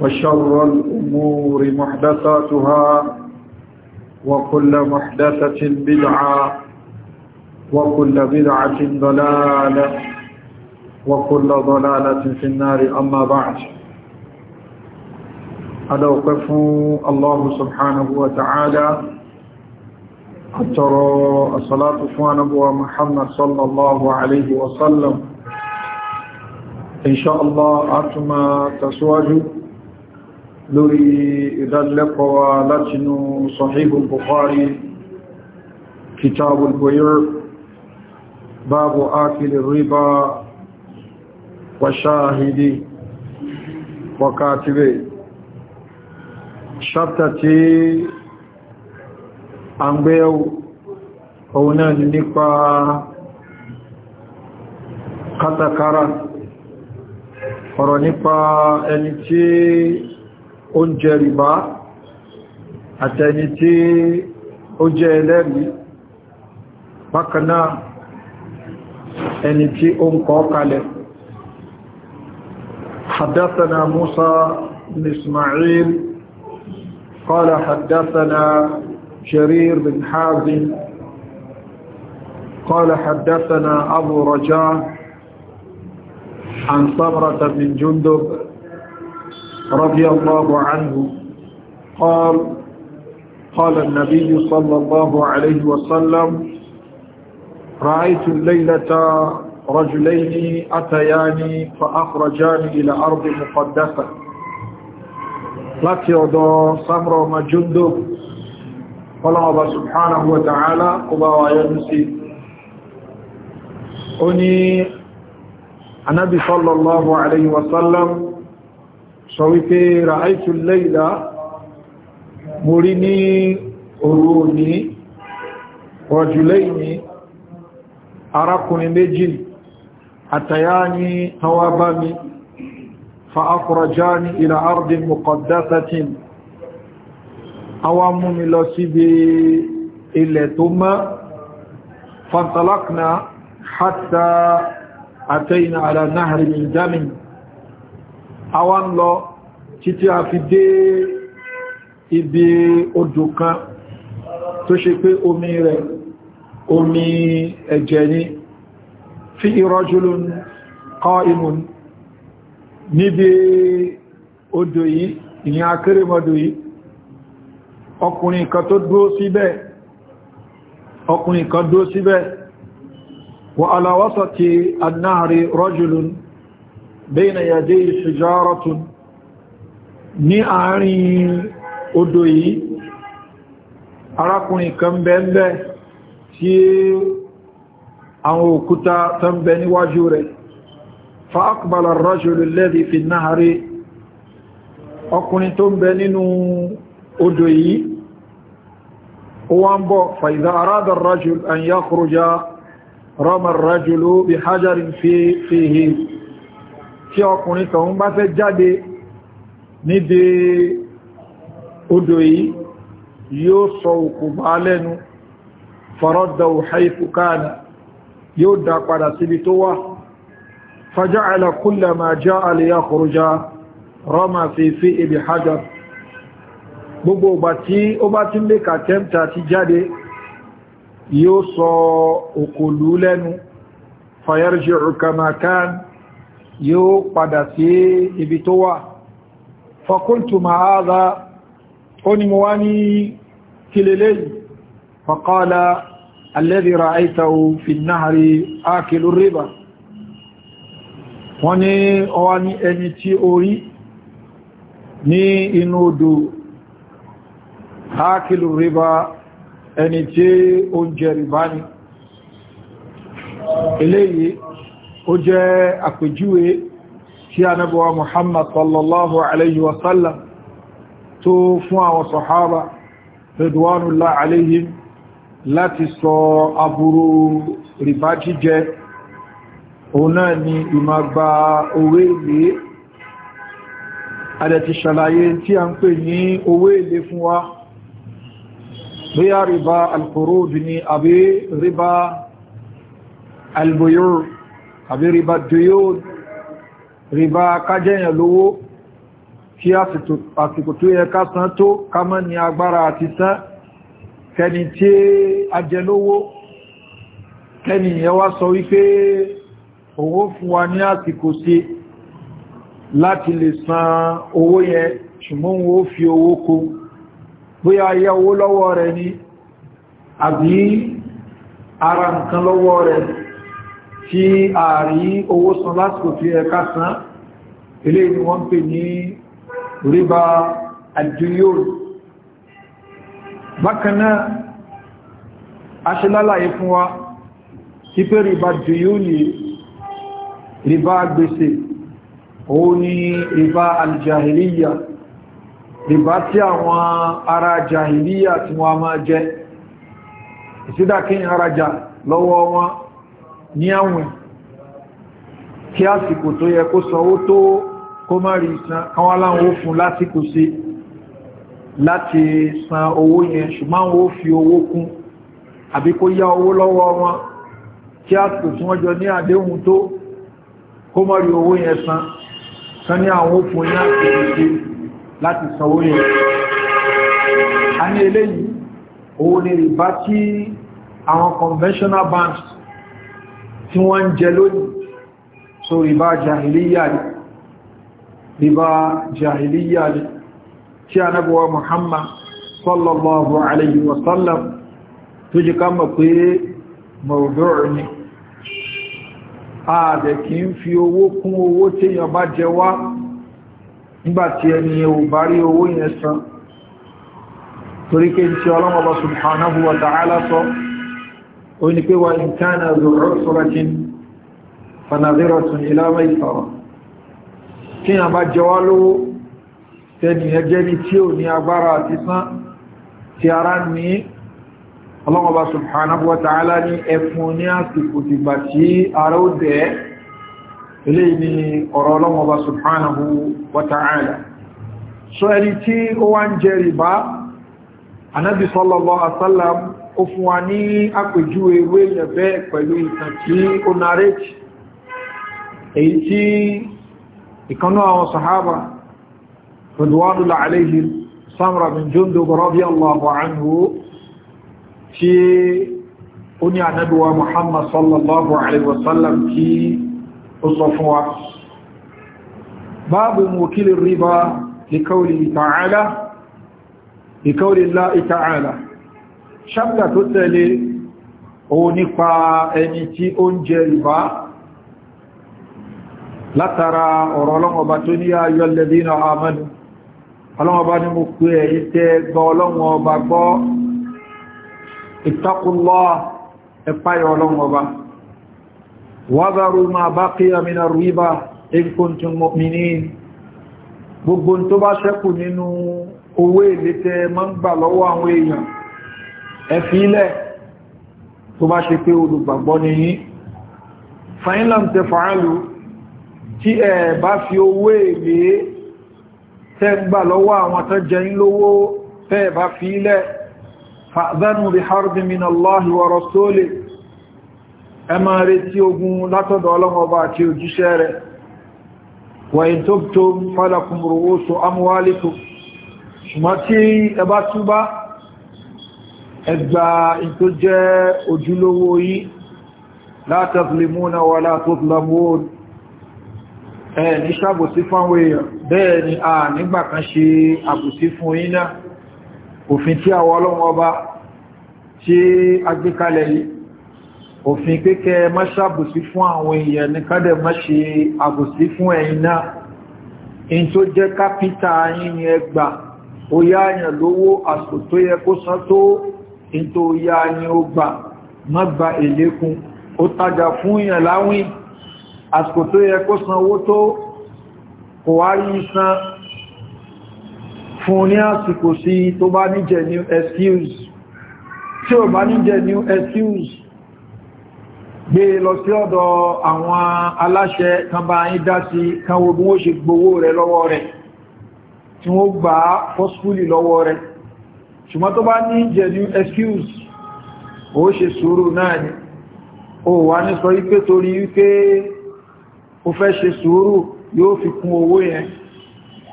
وشر الأمور محدثاتها وكل محدثة بدعة وكل بدعة ضلالة وكل ضلالة في النار أما بعد ألوقف الله سبحانه وتعالى أترى الصلاة أبو محمد صلى الله عليه وسلم إن شاء الله أتمى تسواجه lórí ìdánilẹ́kọ̀ọ́wà látinú sahihul bukhari kitabul buyur babu akili riba wa shahidi wa katibe ṣafta tí a ń gbé òun náà nípa katakara ọ̀rọ̀ nípa ẹni tí ó ń jẹ rìbá àtẹni tí ó jẹ ẹlẹ́rìí bákan ẹni tí ó ń kọ́ kalẹ̀ حدثنا موسى بن اسماعيل قال حدثنا شرير بن حازم قال حدثنا أبو رجاء عن صبرة بن جندب رضي الله عنه قال قال النبي صلى الله عليه وسلم رأيت الليلة رجلين أتياني فأخرجاني إلى أرض مقدسة láti ọ̀dọ̀ samra ọmọ jùndò ọlọ́ọ̀bá subhanahu wa ta'ala ọba wa yọ́nú sí ó ní anábi sallallahu alaihi wasallam sọ wípé ra'aitu layla mo rí ní òru òní rọ̀jùlẹ́yìn arákùnrin méjì àtàyáni tọwà bá mi fa akhrajani ila ardin muqaddasatin awa mú mi lọ síbi ilẹ̀ tó mọ́ fantalakna hatta atayna ala nahri àwa ń lọ títí a fi dé ibi odò kan tó ṣe pé omi rẹ̀ omi ẹ̀jẹ̀ ni fi rajulun qa'imun níbi odò yìí ìyẹn akérèmọdò yìí ọkùnrin kan tó dúró síbẹ̀ ọkùnrin kan dúró síbẹ̀ wa ala wasati an-nahri bẹ́ẹ̀nà yàdé ìṣẹ́járatun ní àárín odò yìí arákùnrin kan bẹ́ẹ̀bẹ́ tí àwọn òkúta tán bẹ níwájú rẹ̀ fa'akbala rajulu alladhi fi nahari ọkùnrin tó ń bẹ nínú odò yìí ó wá ń bọ̀ fa'idha arada rajulu an yakhruja rama rajulu bi hajarin fihi tí ọkùnrin kan ń bá fẹ́ jáde níbi odò yìí yóò sọ òkú bá lẹ́nu faraddahu haythu kana yóò dá padà síbi tó wà faja'ala kullama ja'a liyakhruja rama fi fi'i bihajar gbogbo ọgbà tí ó bá ti ń lè kàtẹ́mtà ti jáde yóò sọ òkòlú lẹ́nu fayarji'u kama kana yóò padà sí ibi tó wà fakultu ma'áza ó ni mo wá ní kílélé faqala alladhi ra'aytahu fi an-nahri akilu riba wọ́n ní ní ẹni tí orí ní inú odò akilu riba ẹni tí ó ń jẹ rìbá ni eléyìí ó jẹ́ àpèjúwe tí a nábọ̀wà muhammad sallallahu alayhi wa sallam tó fún àwọn sọ̀hábà rẹ̀dùwánúlá alayhim láti sọ aburú rìbá jíjẹ òun náà ni ìmàgbà owó èlé adẹ̀tì ṣàlàyé tí a ń pè ní owó èlé fún wa bóyá rìbá alkùrú ni àbí rìbá albuyur àbí ríbá dúyó ríbá kájẹ́yàn lówó kí àsìkò tó yẹ ká san tó ká mọ́ ní agbára àti san kẹni tí a jẹ lówó kẹni yẹ wá sọ wípé owó fún wa ní àsìkò sí láti lè san owó yẹn ṣùgbọ́n wo fi owó kó bóyá yá owó lọ́wọ́ rẹ̀ ni àbí ara nǹkan lọ́wọ́ rẹ̀ ni tí ààrí owó san lásìkò tí ẹka san ilé ni wọ́n pè ní ríbá àjíyòrò bákanáà aṣẹ́lálàyé fún wa tí pé ríbá àjíyòrò ríbá gbèsè òun ni ríbá aljahiliya ríbá tí àwọn ará jahiliya tí wọ́n máa jẹ ìsídàkíyàn arajà lọ́wọ́ wọn ní àwìn kí àsìkò tó yẹ kó sanwó tó kó má rí san káwọn aláwọ̀ ó fún lásìkò sí láti san owó yẹn ṣùgbọ́n ó fi owó kún àbí kó yá owó lọ́wọ́ wọn kí àsìkò tí wọ́n jọ ní àdéhùn tó kó má rí owó yẹn san san ní àwọn ó fún ní àsìkò sí láti sanwó yẹn a ní eléyìí owó ni rìbá tí àwọn conventional banks tí wọ́n ń jẹ lónìí so rìbá jahiliya ni rìbá jahiliya ni tí a nábọ̀wà muhammad sallallahu alayhi wa sallam tó jí ká mọ̀ pé mọ̀rọ̀dọ́rọ̀ ni ààbẹ̀ kì ń fi owó kún owó tí èyàn bá jẹ wá nígbàtí ẹni ò bá rí owó yẹn san torí kí n tí ọlọ́mọba subhanahu wa ta'ala sọ ó ní pé wà ìtànà zòrò sọ́rọ̀kín fanadírọ̀tún ìlàmà ìfàwà kí a bá jẹ wá lówó tẹni ẹjẹ́ ní tí ò ní agbára àti sán ti ara ní ọlọ́mọba subhanahu wa ta'ala ní ẹfún ní àsìkò ti gbà tí ara ó dẹ̀ ilé ni ọ̀rọ̀ ọlọ́mọba subhanahu wa ta'ala so ẹni tí ó wá ń jẹ rìbá sallallahu alaihi wasallam ó fún wa ní àpèjú ewé ìyẹ̀bẹ́ pẹ̀lú ìtàn tí ó narrate èyí tí ìkanú àwọn sahaba rẹ̀dùwádùlà aléhì samra bin jundub radiyallahu anhu tí ó ní ànábíwa muhammad sallallahu alaihi wasallam tí ó sọ fún wa باب موكل الربا لقوله تعالى لقول ṣáptà tó tẹ̀lé òun nípa ẹni tí ó ń jẹ ìbá látara ọ̀rọ̀ ọlọ́mọba tó ní ayọ́ lẹ́dínà àmọ́nù ọlọ́mọba ní mo pé ẹ̀yí tẹ́ gbọ́ ọlọ́mọba gbọ́ ìtakùnlọ́ ẹ̀páyọ̀ ọlọ́mọba wádàrú ma bá kíyà mìnà ríbà ẹkùntùn mọ̀mìnì gbogbo tó bá ṣẹ́kù nínú owó èlé tẹ́ ń gbà lọ́wọ́ àwọn èèyàn ẹ̀fì ilẹ̀ tó bá ṣe pé olùgbàgbọ́ ni yí fainlam tẹ fàálù tí ẹ bá fi owó èlé tẹ́ ń gbà lọ́wọ́ àwọn tán jẹ ń lówó tẹ́ bá fi ilẹ̀ fa'adhanu harbin min Allahi wa rasuli ẹ máa retí ogun látọ̀dọ̀ ọlọ́mọba àti òjíṣẹ́ rẹ̀ wa in tubtum falakum ru'usu amwalikum ṣùgbọ́n tí ẹ bá túbá ẹgbà tó jẹ́ ojúlówó yìí látàblimúnà wà látàblamóòn ẹ̀ ní ṣàbòsí fáwọn èèyàn bẹ́ẹ̀ ni a nígbà kan ṣe àbòsí fún iná òfin tí àwọn ọlọ́wọ́ ọba tí a gbé kalẹ̀ yìí òfin kékẹ́ má ṣàbòsí fún àwọn èèyàn ní kádẹ̀ má ṣe àbòsí fún ẹ̀yin náà in tó jẹ́ kápítà yìí ni ẹgbà ó yáyàn lówó àsò tó yẹ kó san tó ìntò ya ni ó gbà má gba èlékún ó tajà fún yàn láwìn àsìkò tó yẹ kó san owó tó kò wá rí san fún ní àsìkò sí tó bá ní genuine excuse tí ò bá ní genuine excuse gbé e lọ sí ọ̀dọ̀ àwọn aláṣẹ kan bá yí dá sí kan wo bí wọ́n ṣe gbowó rẹ̀ lọ́wọ́ rẹ̀ tí wọ́n gbà fọ́sfúlì lọ́wọ́ rẹ̀ ṣùgbọ́n tó bá ní jẹ̀dú excuse ó ṣe sùúrù náà ni ó wà ní sọ wípé torí wípé ó fẹ́ ṣe sùúrù yóò fi kún owó yẹn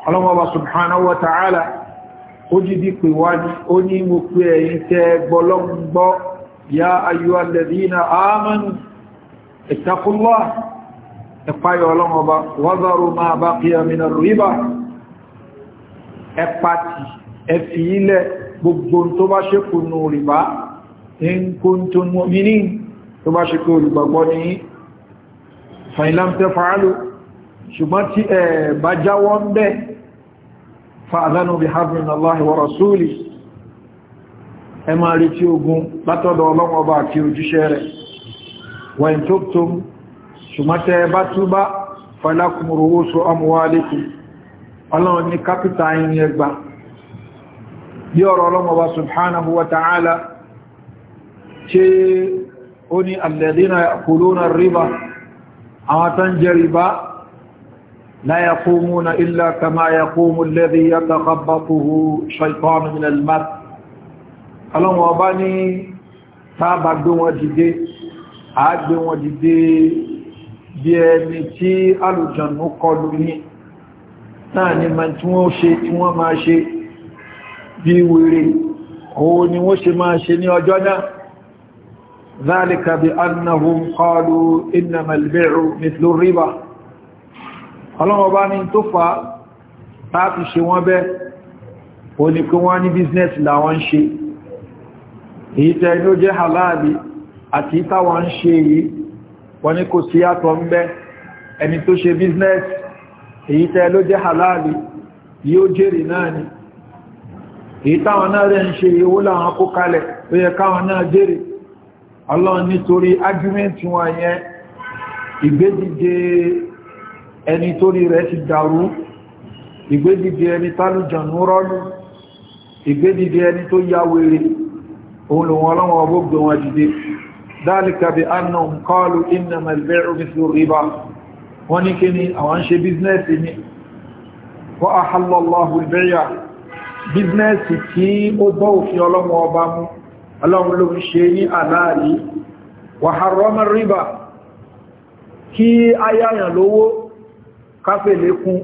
ọlọ́mọba subhanahu wa ta'ala ó jíbi pè wá ní ó ní mo pé ẹ̀yin tẹ́ gbọ́lọ́gbọ́ ya ayyuha alladhina amanu ittaqullah ẹ̀páyọ ọlọ́mọba ilẹ̀ gbogbo tó bá ṣekú nù rìbá in kuntum mu'minin tó bá ṣekú olùgbàgbọ́ ní fa in lam taf'alu ṣùgbọ́n tí ẹ bá jáwọ́ ń bẹ́ fa'adhanu biharbi min wa rasuli ẹ máa rí tí ogun látọ̀dọ̀ Ọlọ́run Ọba àti òjíṣẹ́ rẹ̀ wa in tubtum ṣùgbọ́n tẹ́ bá túbá falakum ru'usu amwalikum Ọlọ́run ní kápítà yìí ẹgbàá bí ọ̀rọ̀ ọlọ́mọba subhanahu wa ta'ala ṣe ó ní alladhina ya'kuluna riba àwọn tán jẹ riba la yaqumuna illa kama yaqumu alladhi yatakhabbatuhu shaytanu min al-mas ọlọ́mọba ní tábà ni ma tí wọ́n ṣe tí wọ́n máa ṣe bí wèrè òun ni wọ́n ṣe máa ṣe ní ọjọ́ náà ذلك بأنهم قالوا إنما البيع مثل الربا ọlọ́wọ́ bá ní tó fa láti ṣe wọ́n bẹ́ oníkún wọ́n ní business làwọn ń ṣe èyí tẹ́ inú jẹ́ halali àti ìtàwọn ń ṣe èyí wọ́n ní kò sí àtọ̀ ń bẹ́ ẹni tó ṣe business èyí tẹ́ ló jẹ́ halali yóò jèrè náà ni èyí táwọn náà rẹ̀ ń ṣe owó láwọn kó kalẹ̀ tó yẹ káwọn náà jèrè ọlọ́run nítorí ágúmẹ́ntì wọn yẹn ìgbédìde ẹni torí rẹ̀ ti dàrú ìgbédìde ẹni tálùjọ̀nú rọ́lù ìgbédìde ẹni tó ya wèrè òun lòun wọ́n ní bíznẹ́sì tí ó bọ́ òfin ọlọ́run ọba mú ọlọ́run ló ń ṣe ní àláàrí wàhárọ́mọ́ ríbà kí ayáyàn lówó káfẹ́ lékún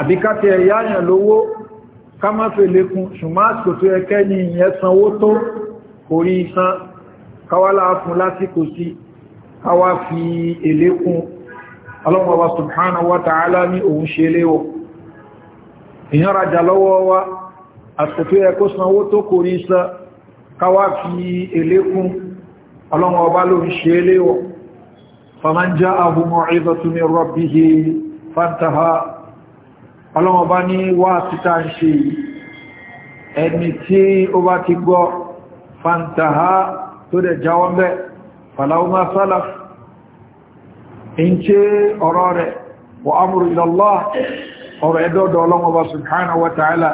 àbí káfẹ́ ẹ̀yáyàn lówó ká má fẹ́ lékún ṣùgbọ́n àsìkò tó ẹkẹ́ ní ìyẹn sanwó tó orí isan káwálá fún lásìkò sí káwá fi èlékún ọlọ́run ọba subhanahu wa ta'ala ní òun ṣe léwọ̀ èyàn rajà lọ́wọ́ wa àsìkò ẹkó sanwó tó kò rí sá káwà fi elékún ọlọ́wọ́ ọba ló ń ṣe eléwọ̀ fàmánjá ahùnmọ̀ ìzọtúnmí rọ̀bíhe fántaha ọlọ́wọ́ ọba ní wá títà ń ṣe ẹni tí ó bá ti gbọ́ fántaha tó dẹ̀ jáwọ́ mẹ́ fàlàúmá ọ̀rọ̀ ẹ̀dọ́dọ̀ ọlọ́mọba subhanahu wa ta'ala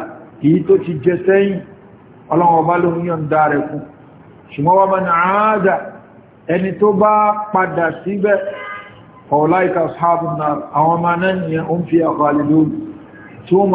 èyí tó ti jẹ sẹ́yìn ọlọ́mọba ló ń yọ̀ǹda rẹ̀ fún ṣùgbọ́n wọ́n ya nàádà ẹni tó bá padà síbẹ̀ ọ̀láìka sáàbùn ya àwọn ọmọ náà nìyẹn ó ń fi àkọlìlú tí wọ́n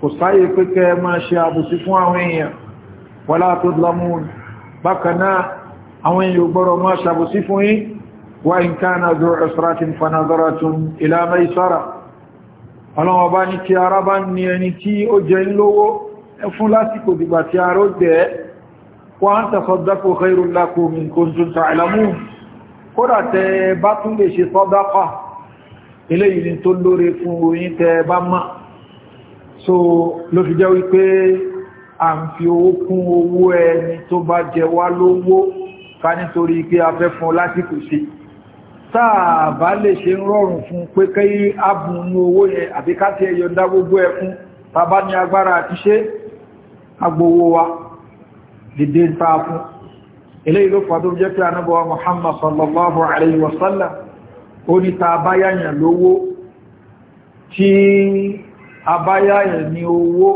kò sáyé pé kẹ́ máa ṣe àbòsí fún àwọn èèyàn wọlá tó dlamun bákanáà àwọn èèyàn gbọ́rọ̀ máa ṣàbòsí fún yí wà ń ká náà zọ ẹ̀sọ́rátìn fanazaratun ìlànà ìsára ọlọ́wọ́ bá ní kí ara bá ní ẹni tí ó jẹ lówó fún lásìkò dìgbà tí ara ó jẹ́ wà ń tasaddaqu khairul lakum in kuntum ta'lamun kódà tẹ bá tún lè ṣe sàdákà eléyìí tó lóore fún oyin tẹ bá máa so ló fi jẹ́ wípé a ń fi owó kún owó ẹni tó bá jẹ wá lówó ká nítorí pé a fẹ́ fún lásìkò sí táà bá lè ṣe ń rọrùn fún pé kí á bùn ní owó yẹn àbí ká ti ẹyọ ẹ fún tàbá ní agbára àti ṣe wa dìde ń taa fún fàdó jẹ́ pé Muhammad sallallahu alayhi wa sallam abáyá ẹ̀ ní owó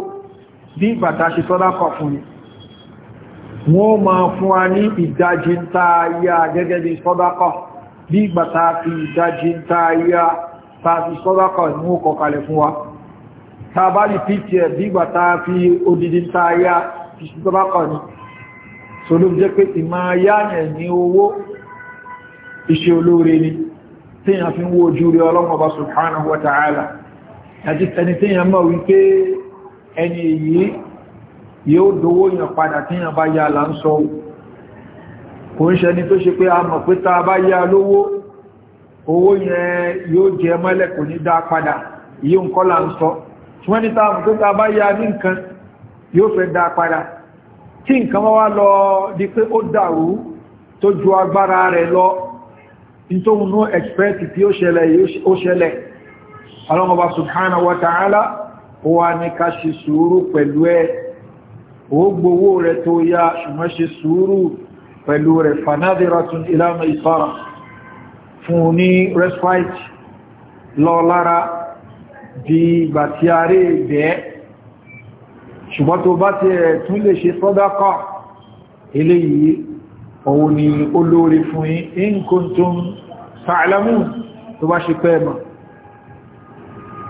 bí bàtà ṣe tọ́lá pọ̀ fún ni wọ́n ma fún wa ní ìdájí ń taa yá gẹ́gẹ́ bí sọ́dákọ̀ bí bàtà fi ìdájí ń taa yá tàbí sọ́dákọ̀ ní ó kọkalẹ̀ fún wa tàbálì ptf bí bàtà fi odidi ń taa yá fi sọ́dákọ̀ ni so ló jẹ́ pé ìmá yáyẹ̀ ní owó iṣẹ́ olóore ni tí a fi ń wo ojú rí ọlọ́mọba subhanahu wa ta'ala àti tẹni tí yàn mọ̀ wípé ẹni èyí yóò dówó yàn padà tí yàn bá yà là ń sọ kò ń ṣẹni tó ṣe pé a mọ̀ pé ta bá yà lówó owó yẹn yóò jẹ mọ́lẹ̀ kò ní dá padà yíò ń kọ́ là ń sọ ṣùgbọ́n ní ta tí ó dàrú tó ó ṣẹlẹ̀ ọlọ́mọba subhanahu wa ta'ala ó wá ní ká ṣe sùúrù pẹ̀lú ẹ ó gbowó rẹ̀ tó yá ṣùgbọ́n ṣe sùúrù pẹ̀lú rẹ̀ fanadiratun ila maisara fún ní respite lọ lára di ìgbà tí a rí ìgbẹ́ ṣùgbọ́n tó bá ti ẹ̀ tún lè ṣe sàdáká eléyìí òun ni olóore fún yín in kuntum ta'lamun tó bá ṣe pẹ́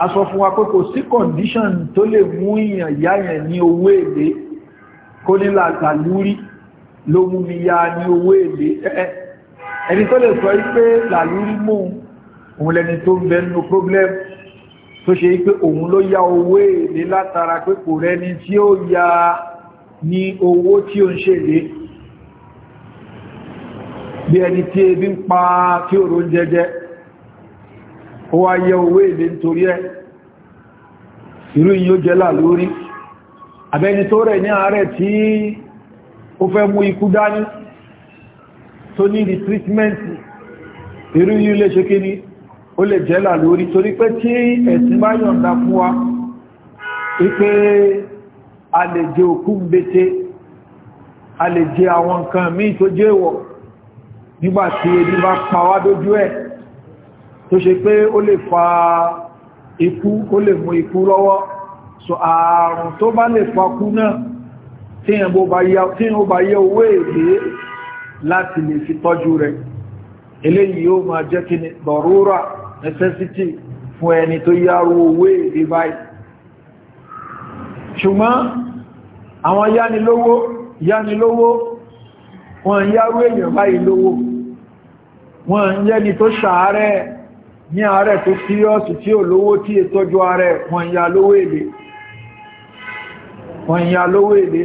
a sọ fún wa pé kò sí condition tó lè mú ìyàn ìyá yẹn ní owó èlé kó nílà làlúrí ló mú mi ya ní owó èlé ẹni tó lè sọ wípé làlúrí mú òun lẹni tó ń bẹnu problem tó ṣe wípé òun ló ya owó èlé látara pé kò rẹni tí ó ya ní owó tí ó ń ṣèlé bí ẹni tí ebi ń pa tí òrò ń jẹjẹ ó wá yẹ owó èlé nítorí ẹ̀ irú yìí ó jẹ́là lórí àbẹ́ni tó rẹ̀ ní àárẹ̀ tí ó fẹ́ mú ikú dání tó ní di tírítímẹ́ǹtì irú yìí lè ṣe kíní ó lè jẹ́là lórí torí pé tí ẹ̀sìn bá yọ̀ǹda fún wa wípé a lè jẹ òkú bete a lè jẹ àwọn nǹkan míì tó jẹ́ ìwọ̀ nígbàtí ebi bá pa ẹ̀ tó ṣe pé ó lè fa ikú ó lè mú ikú lọ́wọ́ so ààrùn tó bá lè fakú náà tí ẹ̀ bó bá yẹ owó èdè láti lè fi tọ́jú rẹ̀ eléyìí yóò máa jẹ́ kí ni dọ̀rúra necessity fún ẹni tó yáró owó èdè báyìí ṣùgbọ́n àwọn yánilówó yánilówó wọ́n yáró èèyàn báyìí lówó wọ́n yẹ́ni tó ṣàárẹ̀ ní ààrẹ tó síríọ́sì tí ò lówó tí è tọ́jú ààrẹ wọ́n ya lówó èlé wọ́n ya lówó èlé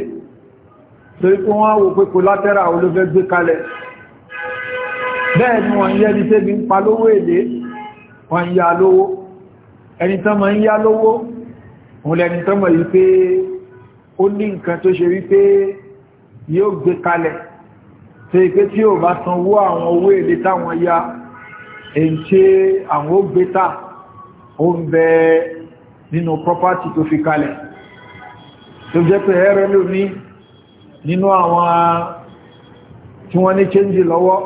torí pé wọ́n wò pé kò látẹ́rà olófẹ́ gbé kalẹ̀ bẹ́ẹ̀ ni wọ́n yẹ́ ní tẹ́bí ń pa lówó èlé wọ́n lówó ẹni tán mọ̀ ń ya lówó òun tán mọ̀ wípé ó ní nǹkan tó ṣe wípé yóò gbé kalẹ̀ èyí tí àwọn ó gbé tà ó ń bẹ nínú property tó fi kalẹ̀ tó jẹ́ pé ẹ̀rẹ́ ló ní nínú àwọn tí wọ́n ní change lọ́wọ́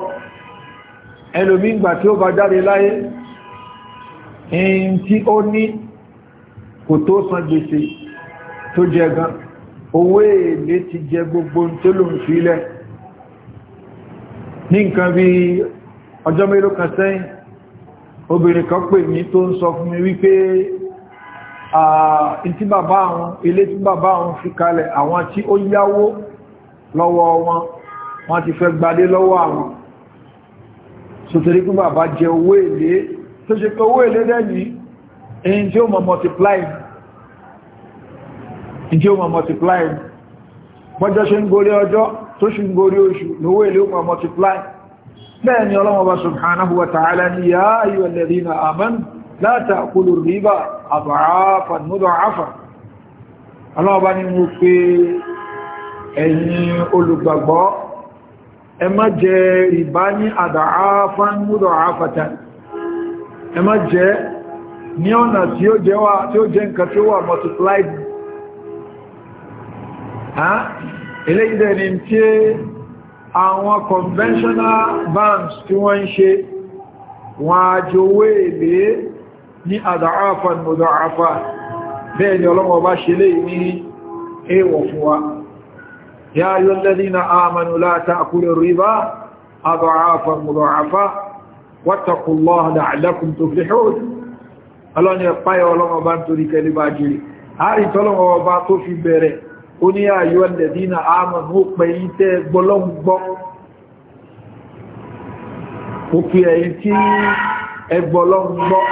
ẹlòmí ìgbà tí ó bá jáde láyé tí ó ní kò tó san gbèsè tó jẹ gan owó èlé ti jẹ gbogbo tó lòun sílẹ̀ ní nǹkan bíi ọjọ́ mélòó kan sẹ́yìn obìnrin kan pè mí tó ń sọ fún mi wípé ìtí bàbá àwọn ilé tí bàbá àwọn fi kalẹ̀ àwọn tí ó yáwó lọ́wọ́ wọn wọ́n ti fẹ́ gbadé lọ́wọ́ àwọn sòtẹ̀rí bàbá jẹ owó èlé tó ṣe pé owó èlé dẹ́ni èyí tí multiply ìdí ó mọ̀ multiply bọ́jọ́ ṣe ń gorí ọjọ́ tó ṣe ń gorí oṣù lówó èlé ó mọ̀ multiply bẹ́ẹ̀ ni ọlọ́wọ́ bá subhanahu wa ta'ala ni ya ayyuha alladhina amanu la ta'kulu riba ad'afan mud'afa ọlọ́wọ́ bá ní mú pé ẹ̀yin olùgbàgbọ́ ẹ má jẹ rìbá ní ad'afan mud'afata ẹ má jẹ ní ọ̀nà àwọn conventional banks tí wọ́n ń ṣe wọ́n àjòwé èlé ní àdáhàfà mọ̀dáhàfà bẹ́ẹ̀ ni ọlọ́wọ́ bá ṣe lè ní èèwọ̀ fún wa ya yóò lẹ́dí na àmànù láta àkúrẹ̀ ríbá àdáhàfà mọ̀dáhàfà wátàkùnlọ́ àdáhàlẹ́kùn tó fi ó ní àyíwá lẹ̀dínà àmàmù pẹ̀ yí tẹ́ gbọ́lọ́gbọ́ ó fi ẹ̀yí tí ẹgbọ́lọ́gbọ́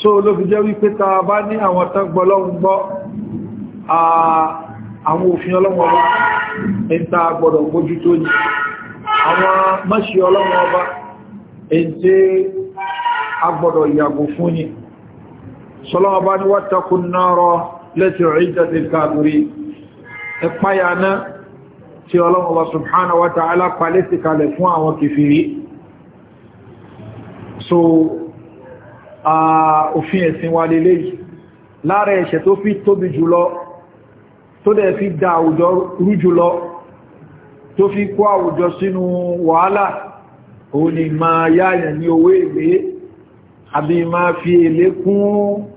so ló fi jẹ́ wípé ta bá ní àwọn tán gbọ́lọ́gbọ́ àwọn òfin ọlọ́wọ́ ọba ẹ̀ta gbọ́dọ̀ mójú tó ní àwọn mọ́ṣí ọlọ́wọ́ ọba ẹ̀ntẹ́ agbọ́dọ̀ ìyàgò fún ni sọlọ́wọ́ bá ní wọ́n takùn náà rọ̀ lati iddati al-kafirin ẹ̀páyà náà tí ọlọ́run wa subhanahu wa ta'ala palẹ́sì kalẹ̀ fún àwọn kìfìrí so òfin ẹ̀sìn wa lè léyìí lára ẹ̀ṣẹ̀ tó fi tóbi jùlọ tó dẹ̀ fi dá àwùjọ rú jùlọ tó fi kó àwùjọ sínú wàhálà òun ni máa yáyàn ní owó èlé àbí máa fi èlé kún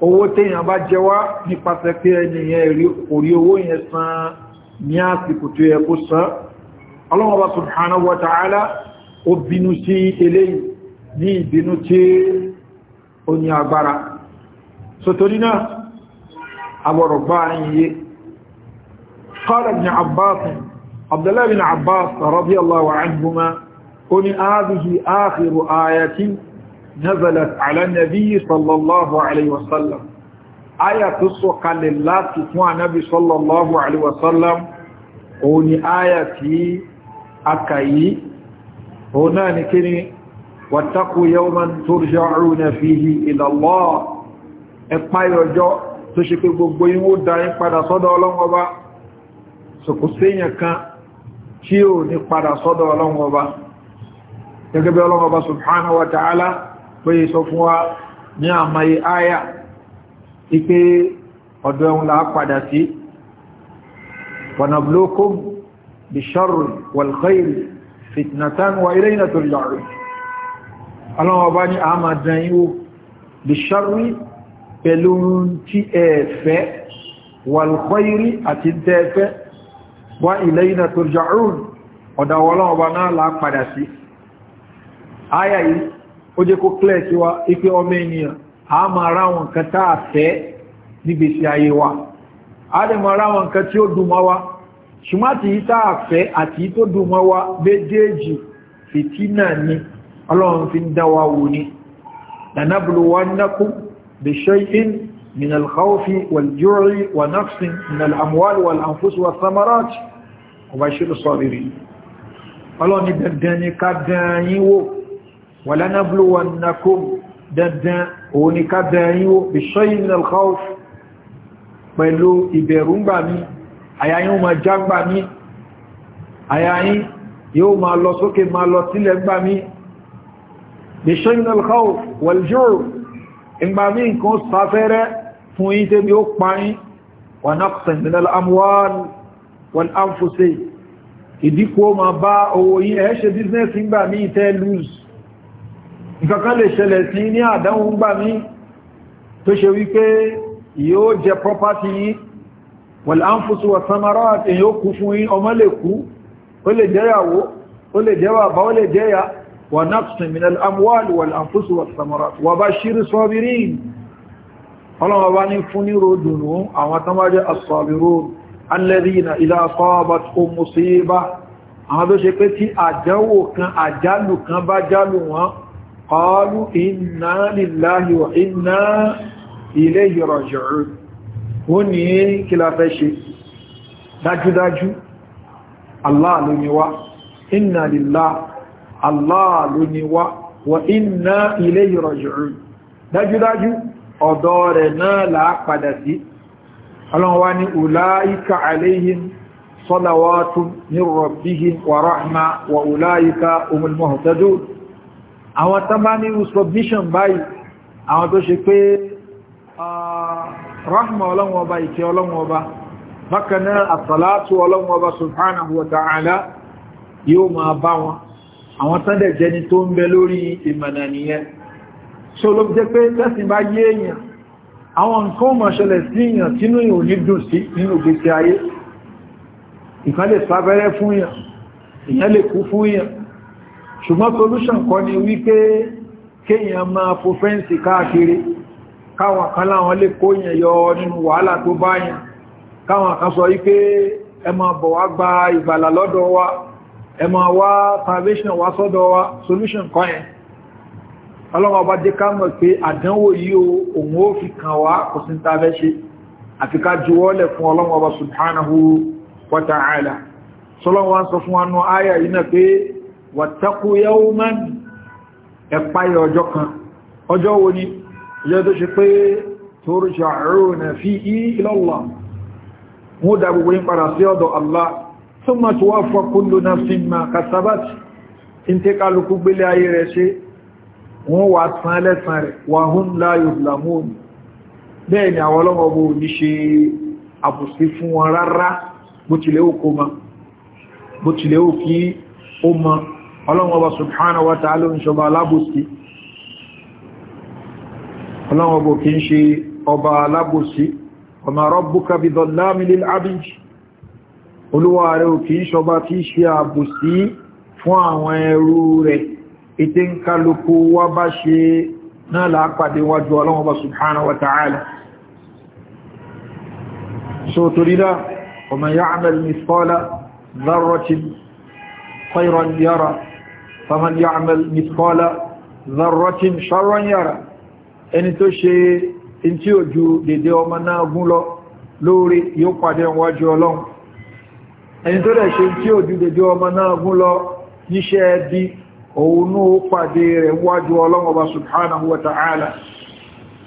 owó téèyàn bá jẹ wá nípasẹ̀ pé ẹniyàn orí owó yẹn san ní àsìkò tó yẹ kó san ọlọ́wọ́ bá subhanahu wa ta'ala ó bínú sí eléyìí ní ìbínú tí ó ní agbára sotori náà àbọ̀rọ̀ bá ayẹyẹ qala ibn nazalat ala nabi sallallahu alayhi wa sallam aya tó sọ kalẹ̀ láti fún anabi sallallahu alayhi wa sallam òun ni aya tí a kà yìí òun náà ni kíni wàtàkù yawman turja'una fihi ila Allah ẹ̀páyọjọ́ tó ṣe pé gbogbo yín ó darí padà sọ́dọ̀ ọlọ́wọ́ bá sọkùsẹ́yìn kan tí ó ní padà sọ́dọ̀ ọlọ́wọ́ bá gẹ́gẹ́ bí ọlọ́wọ́ bá subhanahu wa ta'ala pé sọ fún wa ní àmàyé àyà ipé ọ̀dọ̀ ẹ̀hùn là padà sí wọ̀nàblókùn bisharri wal khayri fitnatan wa ilayna turja'un aláwọ̀ bá ní àmàdàn yíò bisharri pẹ̀lú tí ẹ̀ẹ̀fẹ́ wal khayri àti tẹ́ẹ̀fẹ́ wa ilayna turja'un ọ̀dọ̀ wọ́lọ́wọ́ bá náà là padà sí àyà ó jẹ́ kó clear sí wa ipe ọmọ ènìyàn a máa ra àwọn nǹkan tá a fẹ́ nígbèsí ayé wa a lè máa ra àwọn nǹkan tí ó dùn mọ́ wa ṣùgbọ́n àti tá a fẹ́ àti tó dùn mọ́ wa méjèèjì fìtínà ni ọlọ́run fi ń dá wa wò ni lanabluwannakum bishay'in min al wal-ju'i wa nafsin min al-amwal wal-anfus wath-thamarat wa bashir as-sabirin ọlọ́run ni dandan ni ká dán yín ولنبلونكم dandan òun ni ká bẹ̀rẹ̀ yíó bìṣọ́yìn ní alkhawf pẹ̀lú ìbẹ̀rù ń gbà mí àyàyìn ma já gbà mí àyàyìn yóò ma lọ sókè ma lọ sílẹ̀ gbà mí bìṣọ́yìn ní alkhawf wàljúrù ìgbà mí nǹkan sáfẹ́rẹ́ fún yí tẹ́bí ó parí wà náà nǹkankan lè ṣẹlẹ̀ sí ní àdánwò ń gbà mí tó ṣe wípé yóò jẹ property yìí wal anfusu wa samarat èyí ó kú fún yín ọmọ lè kú ó lè jẹ́yàwó ó lè jẹ́ bàbá ó lè jẹ́yà wa naqsin min al amwal wal anfusi wa um àjálù kan bá jálù wọn qalu inna lillahi wa inna ilayhi raji'un ó ní kí la fẹ́ ṣe dájúdájú Allah ló ni wá inna lillahi Allah ló ni wá wa inna ilayhi raji'un dájúdájú ọ̀dọ̀ rẹ̀ náà làá padà sí ọlọ́wà ní ulaika alayhim salawatun min rabbihim wa rahma wa ulaika humul muhtadun àwọn tán bá ní submission báyìí àwọn tó ṣe pé ah, rahma ọlọ́run ọba ìkẹ́ ọlọ́run ọba bákanáà àtàlátù ọlọ́run ọba subhanahu wa ta'ala yóò máa bá wọn àwọn tán dẹ̀ jẹni tó ń bẹ lórí ìmọ̀nà nìyẹn so ló jẹ́ pé tẹ́sìn bá yé èèyàn ìyẹn ṣùgbọ́n solution kọ́ ni wípé kéèyàn máa fò fẹ́ǹsì káàkiri káwọn kan láwọn lè kó yẹn yọ nínú wàhálà tó báyàn káwọn kan sọ wípé ẹ máa bọ̀ wá gba ìgbàlà lọ́dọ̀ wa ẹ máa wá salvation wá sọ́dọ̀ wa solution kọ́ yẹn ọlọ́wọ́ bá jẹ́ ká mọ̀ pé àdánwò yìí o òun ó fi kàn wá kò sí ta fẹ́ ṣe àti ká juwọ́lẹ̀ fún ọlọ́wọ́ bá subhanahu wa ta'ala sọlọ́wọ́ sọ fún wa nù áyà yìí náà pé wàtàkù yawman ẹ̀páyẹ ọjọ́ kan ọjọ́ wo ni ọjọ́ tó ṣe pé turja'una fihi ila Allah mú dá gbogbo yín padà sí ọ̀dọ̀ Allah thumma tuwaffa kullu nafsin ma kasabat tí kálukú gbélé ayé rẹ̀ ṣe wọ́n wà tán lẹ́sàn rẹ̀ wa hum la ó kí ọlọ́run ọba subhanahu wa ta'ala ń ṣọba alábòsí ọlọ́run ọba kí ń ṣe ọba alábòsí ọmọ rabbuka bi dhallamin lil abid olúwa rẹ̀ ò kí ń ṣọba tí ṣe àbòsí fún àwọn ẹrú rẹ̀ ètè ń kálukú wá bá ṣe náà lápàdé wájú ọlọ́run ọba subhanahu wa ta'ala faman ya'mal mithqala dharratin sharran yara ẹni tó ṣe in tí ó ju dédé ọmọ náà gún lọ lórí yóò pàdé wájú ọlọ́run ẹni tó dẹ̀ ṣe tí ó ju dédé ọmọ náà gún lọ níṣẹ́ ẹbí òun ní ó pàdé rẹ̀ wájú ọlọ́run ọba subhanahu wa ta'ala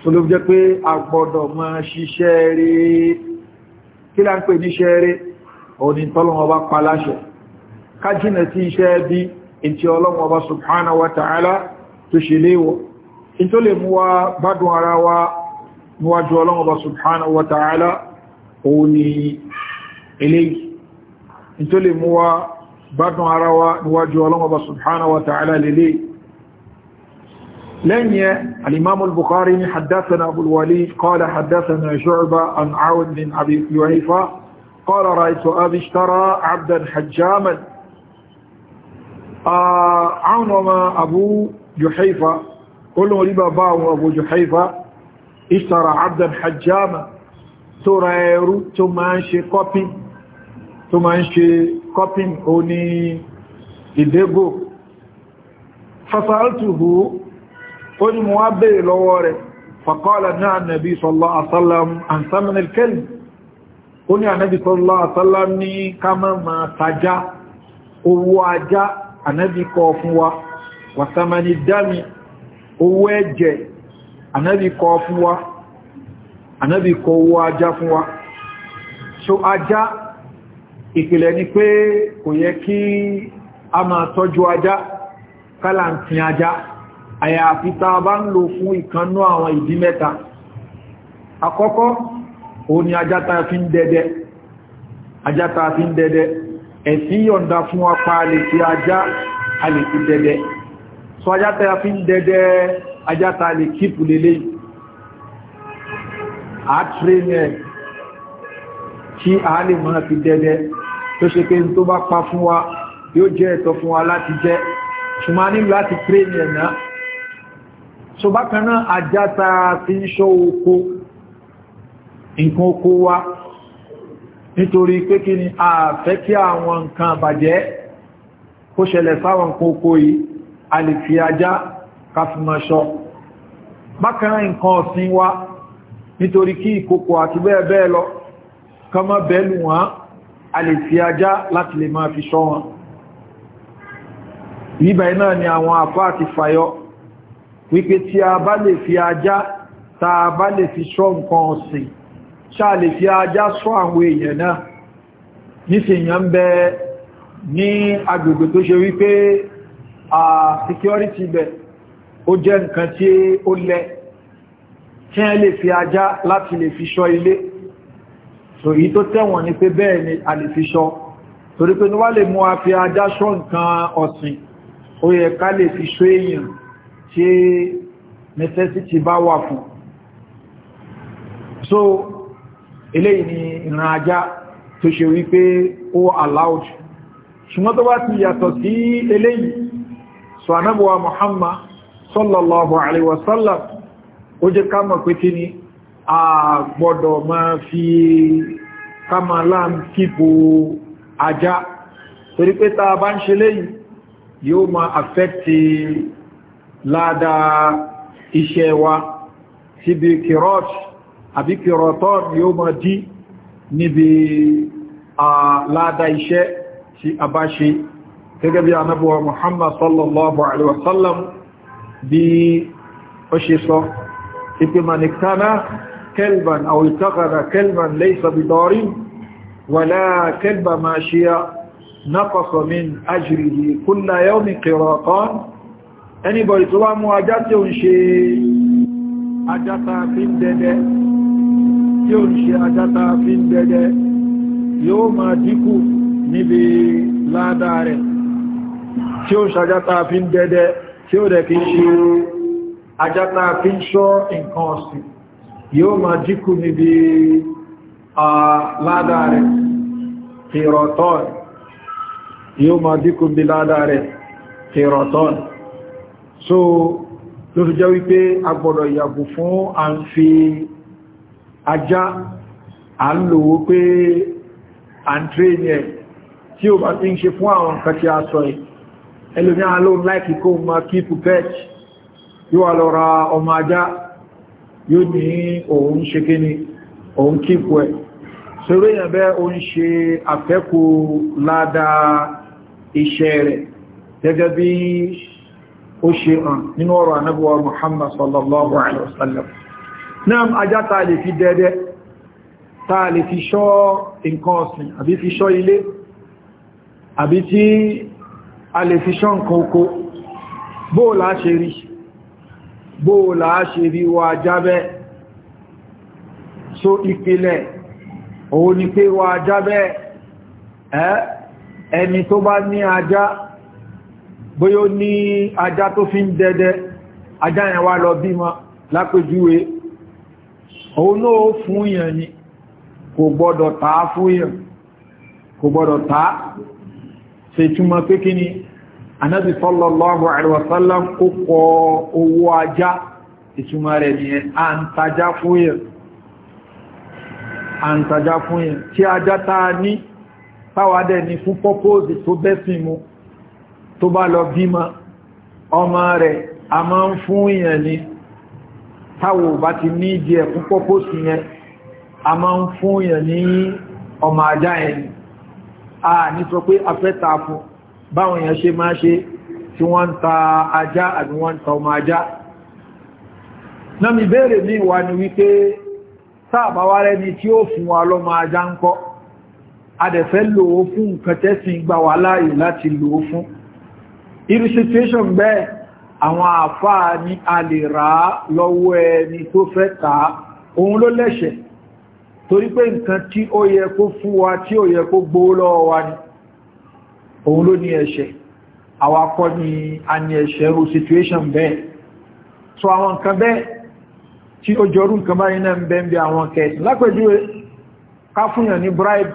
tó ló jẹ́ pé agbọ́dọ̀ ma ṣiṣẹ́ rí kí lá ń pè níṣẹ́ rí òní tọ́lọ́run ọba paláṣẹ ká jìnà sí iṣẹ́ ẹbí ntí ọlọ́run ọba subhanahu wa ta'ala tó ṣe léwọ̀ in tó lè mú wa gbádùn ara wa níwájú ọlọ́run ọba subhanahu wa ta'ala òun ni eléyìí in tó lè mú wa gbádùn ara wa níwájú ọlọ́run ọba subhanahu wa ta'ala lélẹ̀ لن الإمام البخاري حدثنا أبو الوليد قال حدثنا شعبة عن عون بن أبي يعيفة قال رأيت أبي اشترى عبدا حجاما Ah, àwọn ọmọ Abu Juhayfa olóhun rí bàbá àwọn Abu Juhayfa ìtara abdan hajjama tó ra ẹrú tó máa ń ṣe kọ́pín tó máa ń ṣe kọ́pín o ní ìdégò fasaltuhu ó ní mo wá bèèrè lọ́wọ́ rẹ̀ faqala náà nàbí sallallahu alaihi wasallam ó ní ànábì sallallahu alaihi ní ká máa tajá owó ajá ànábì kọ fún wa wàtàmàní dámi owó ẹ̀jẹ̀ ànábì kọ fún wa ànábì kọ owó ajá fún wa so ajá ìpìlẹ̀ ni pé kò yẹ kí a máa tọ́jú ajá kálàntín ajá àyàfi tá bá ń lò fún ìkanú àwọn ìdí mẹ́ta àkọ́kọ́ òun ni ajá tá fi ń dẹdẹ ẹ̀sìn yọ̀nda fún apá lè fi ajá a lè fi dẹ̀dẹ̀ so ajá tẹ́ fi ń dẹ̀dẹ̀ ajá ta lè kípù lélẹ̀ àtírẹ́nẹ̀ tí a lè mọ́ fi dẹ̀dẹ̀ tó ṣe pé tó bá pa fún wa yóò jẹ́ ẹ̀tọ́ fún wa láti jẹ́ ṣùgbọ́n nílò láti tírẹ́nẹ̀ náà so bákanáà ajá ta fi ń ṣọ́ oko nǹkan oko wa nítorí pé kí ni a fẹ́ kí àwọn nǹkan àbàjẹ́ kó ṣẹlẹ̀ sáwọn kókó yìí a lè fi ajá káfímaṣọ́ bákan nǹkan ọ̀sìn wa nítorí kí ìkòkò àti bẹ́ẹ̀ bẹ́ẹ̀ lọ kọmọ bẹ̀ẹ́lù wọn a lè fi ajá láti lè máa fi ṣọ́ wọn níbà iná ni àwọn àpá àti fàyọ wípé tí a bá lè fi ajá tá a bá lè fi ṣọ́ nǹkan ọ̀sìn ṣáàlè fi ajá sọ àwọn èèyàn náà níṣèyàn ń bẹ ní agbègbè tó ṣe wípé a security bẹ̀ ó jẹ́ nǹkan tí ó lẹ tí ẹ lè fi ajá láti lè fi ṣọ́ ilé so èyí tó tẹ̀wọ̀n ni pé bẹ́ẹ̀ ni a lè fi ṣọ́ torí pé ní wá lè mú a fi ajá ṣọ́ nǹkan ọ̀sìn ó yẹ ká lè fi ṣọ́ èèyàn tí necessity bá wà fún so eléyìí ni ìran ajá tó ṣe wípé ó allowed ṣùgbọ́n tó bá ti yàtọ̀ sí eléyìí sọ anábọ̀wà Muhammad sallallahu alaihi wasallam ó jẹ́ ká pé tí ni a gbọ́dọ̀ ma fi kamala kípo ajá torí pé tá a bá ń ṣe léyìí yóò máa affecti ládàá iṣẹ́ wa síbi kìrọ́ọ̀tì àbí kìrọ̀tọ́ ni ó mọ̀ dí níbi àládá iṣẹ́ tí a bá ṣe gẹ́gẹ́ bí anábúwa muhammad sallallahu alaihi wasallam bí ó ṣe sọ ipi manikana kelban awitagara kelban laisa bidori wala kelba ma ṣíya naqasa min ajrihi kulla yawmi qiratan anybody ṣe ajá fi ń dẹ́dẹ́ tí ó ń ṣe ajáta fi ń dẹ́dẹ́ yóò máa dínkù níbi ládàá rẹ̀ tí ó ṣajáta fi ń dẹ́dẹ́ tí ó dẹ̀ fi ń ṣe ajáta fi ń ṣọ́ nǹkan ọ̀sìn yóò máa dínkù níbi ládàá rẹ̀ kìrọ̀tọ́n yóò máa dínkù níbi ládàá rẹ̀ kìrọ̀tọ́n so ló fi jẹ́ wípé agbọ́dọ̀ yàgò fún à ń fi ajá à ń lò ó pé à ń tré ní ẹ̀ tí ó bá ti ń ṣe fún àwọn nǹkan tí a sọ ẹ̀ ẹlòmí àlò láìkí kó máa kípù pet yóò lọ ra ọmọ ajá yóò ní òun ṣe kí ni òun kípù ẹ̀ sọ́rọ̀ èèyàn bẹ́ o ń ṣe àfẹ́kù ládáa iṣẹ́ rẹ̀ gẹ́gẹ́ bí ó ṣe hàn nínú ọ̀rọ̀ anábúwa Muhammad sallallahu alaihi wasallam náà ajá ta lè fi dẹ́dẹ́ ta lè fi ṣọ́ nǹkan ọ̀sìn àbí fi ṣọ́ ilé àbí tí a lè fi ṣọ́ nǹkan oko bóòlá ṣe rí bóòlá ṣe rí wa jábẹ́ so ìpìlẹ̀ òun ni pé wa jábẹ́ ẹni tó bá ní ajá bóyó ní ajá tó fi ń dẹ́dẹ́ ajá yẹn wá lọ bímọ lápèjúwe òun náà fún yàn ni kò gbọ́dọ̀ tàá fún yàn kò gbọ́dọ̀ tàá ṣe túnmọ̀ pé kí ni anábi sallallahu alaihi wasallam kó kọ owó ajá ìtumọ̀ rẹ̀ ni à ń tajá fún yàn tí ajá táa ní táwádẹ̀ ni fún pọ́pọ́sì tó bẹ́sìn mu tó bá lọ bímọ ọmọ rẹ̀ a máa ń fún yàn ni táwọn ò bá ti ní ìdí ẹ̀kún pọ́pọ́ sí yẹn a máa ń fún yẹn ní ọmọ ajá yẹn a ní sọ pé afẹ́ta fún báwọn yẹn ṣe máa ṣe tí wọ́n ń ta ajá àbí wọ́n ń ta ọmọ ajá náà mi ní ìwà ni wípé sáàbáwá rẹni tí ó fún wa lọ́mọ ajá ń kọ́ adẹ̀fẹ́ lòó fún nǹkan tẹ́sìn gbà wà láàyè láti lòó fún irú situation bẹ́ẹ̀ àwọn àfáà ní a lè rà á lọ́wọ́ ẹni tó fẹ́ ta òun ló lẹ́ṣẹ̀ torí pé nǹkan tí ó yẹ kó fún wa tí ó yẹ kó gbówó lọ́wọ́ wa ni òun ló ní ẹ̀ṣẹ̀ àwọn ni a ní ẹ̀ṣẹ̀ rú situation bẹ́ẹ̀ so àwọn nǹkan bẹ́ẹ̀ tí ó jọrú nǹkan báyìí náà ń bẹ́ ń bí àwọn kẹsìn lápẹjúwe ká fúnyàn ní bribe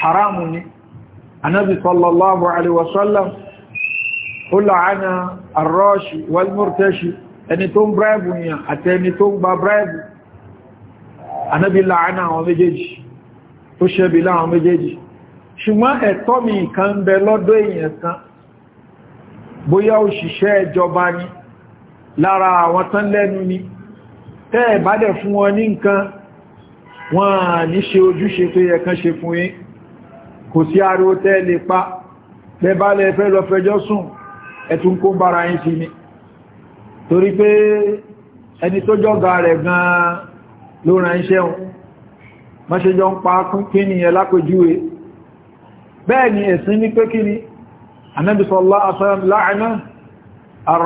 haramu ni anábì sallallahu alaihi wasallam ó làánà àrọ́ṣì wal-murtashi ẹni tó ń bráìbù yàn àti ẹni tó ń gba bráìbù anábi làánà àwọn méjèèjì tó ṣẹ́bi láwọn méjèèjì ṣùgbọ́n ẹ̀tọ́ mi kan ń bẹ lọ́dọ̀ èèyàn kan bóyá òṣìṣẹ́ ìjọba ni lára àwọn tán lẹ́nu ni tẹ́ ẹ̀ bá lọ fẹjọ́ sùn ẹ̀tún kó bára yín sí ni torí pé ẹni tó jọ́gá rẹ̀ gan-an ló ràn iṣẹ́ wọn má ṣe jọ ń pa kí ni ẹ lápẹjúwe bẹ́ẹ̀ ni ẹ̀sìn ní pé kí ni Ànábì sallallahu alaihi wasallam la'ana ar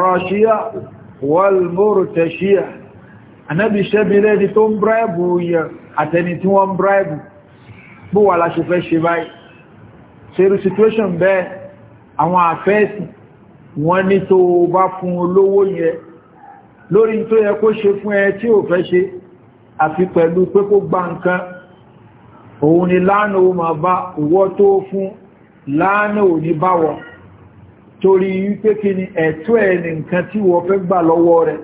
àwọn àfẹ́ẹ̀sìn wọ́n ní tó bá fún olówó yẹn lórí tó yẹ kó ṣe fún ẹ tí ò fẹ́ ṣe àfi pẹ̀lú pé kó gba nǹkan òun ni láàánà ó máa bá owó tó fún láàánà ò ní báwọ̀ torí wípé kí ni ẹ̀tọ́ ẹ̀ ní nǹkan tí wọ́n fẹ́ gbà lọ́wọ́ rẹ̀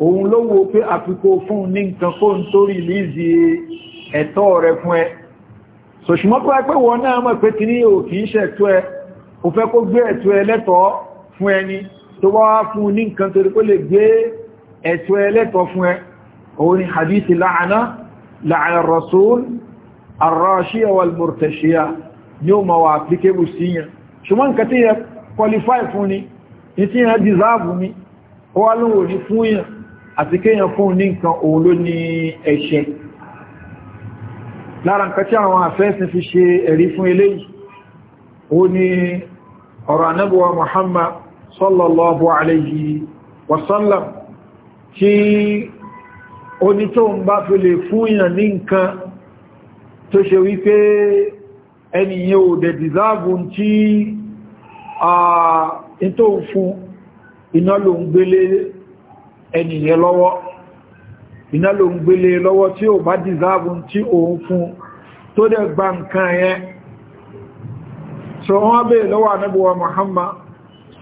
òun ló wo pé àfikò fún ní nǹkan kó ń torí lízi ẹ̀tọ́ rẹ̀ fún ẹ sòṣùmọ́ pé wọ́n náà mọ̀ pé kí ní ò kìí ṣẹ̀tọ́ ẹ ò fẹ́ kó gbé ẹ̀tọ́ ẹ lẹ́tọ̀ọ́ fún ẹni tó wá fún ní nǹkan torí kó lè gbé ẹ̀tọ́ ẹlẹ́tọ̀ fún ẹ òun ni hadithi láàánà láàánà rasul arrashiya ni ó ma wà applicable sí yẹn ṣùgbọ́n nǹkan tí yẹ qualify fún ni ní tí yẹn deserve ni ó wá lóhùn òní fún yẹn àti kéyàn fún ní nǹkan òun ló ní ẹ̀ṣẹ̀ lára nǹkan tí àwọn àfẹ́sìn fi ṣe ẹ̀rí fún eléyìí ó ní ọ̀rọ̀ anábọ̀wà muhammad sallallahu alayhi wa sallam tí onítòun bá fi lè fúnyàn ní nǹkan tó ṣe wípé ẹniyàn ò dẹ̀ dìzáàbùn tí in tó ń fún iná ló ń gbélé ẹniyàn lọ́wọ́ iná ló ń gbélé lọ́wọ́ tí ò bá dìzáàbùn tí ò ń fún tó dẹ̀ gba nǹkan yẹn so wọ́n bèèrè lọ́wọ́ anábíwa Muhammad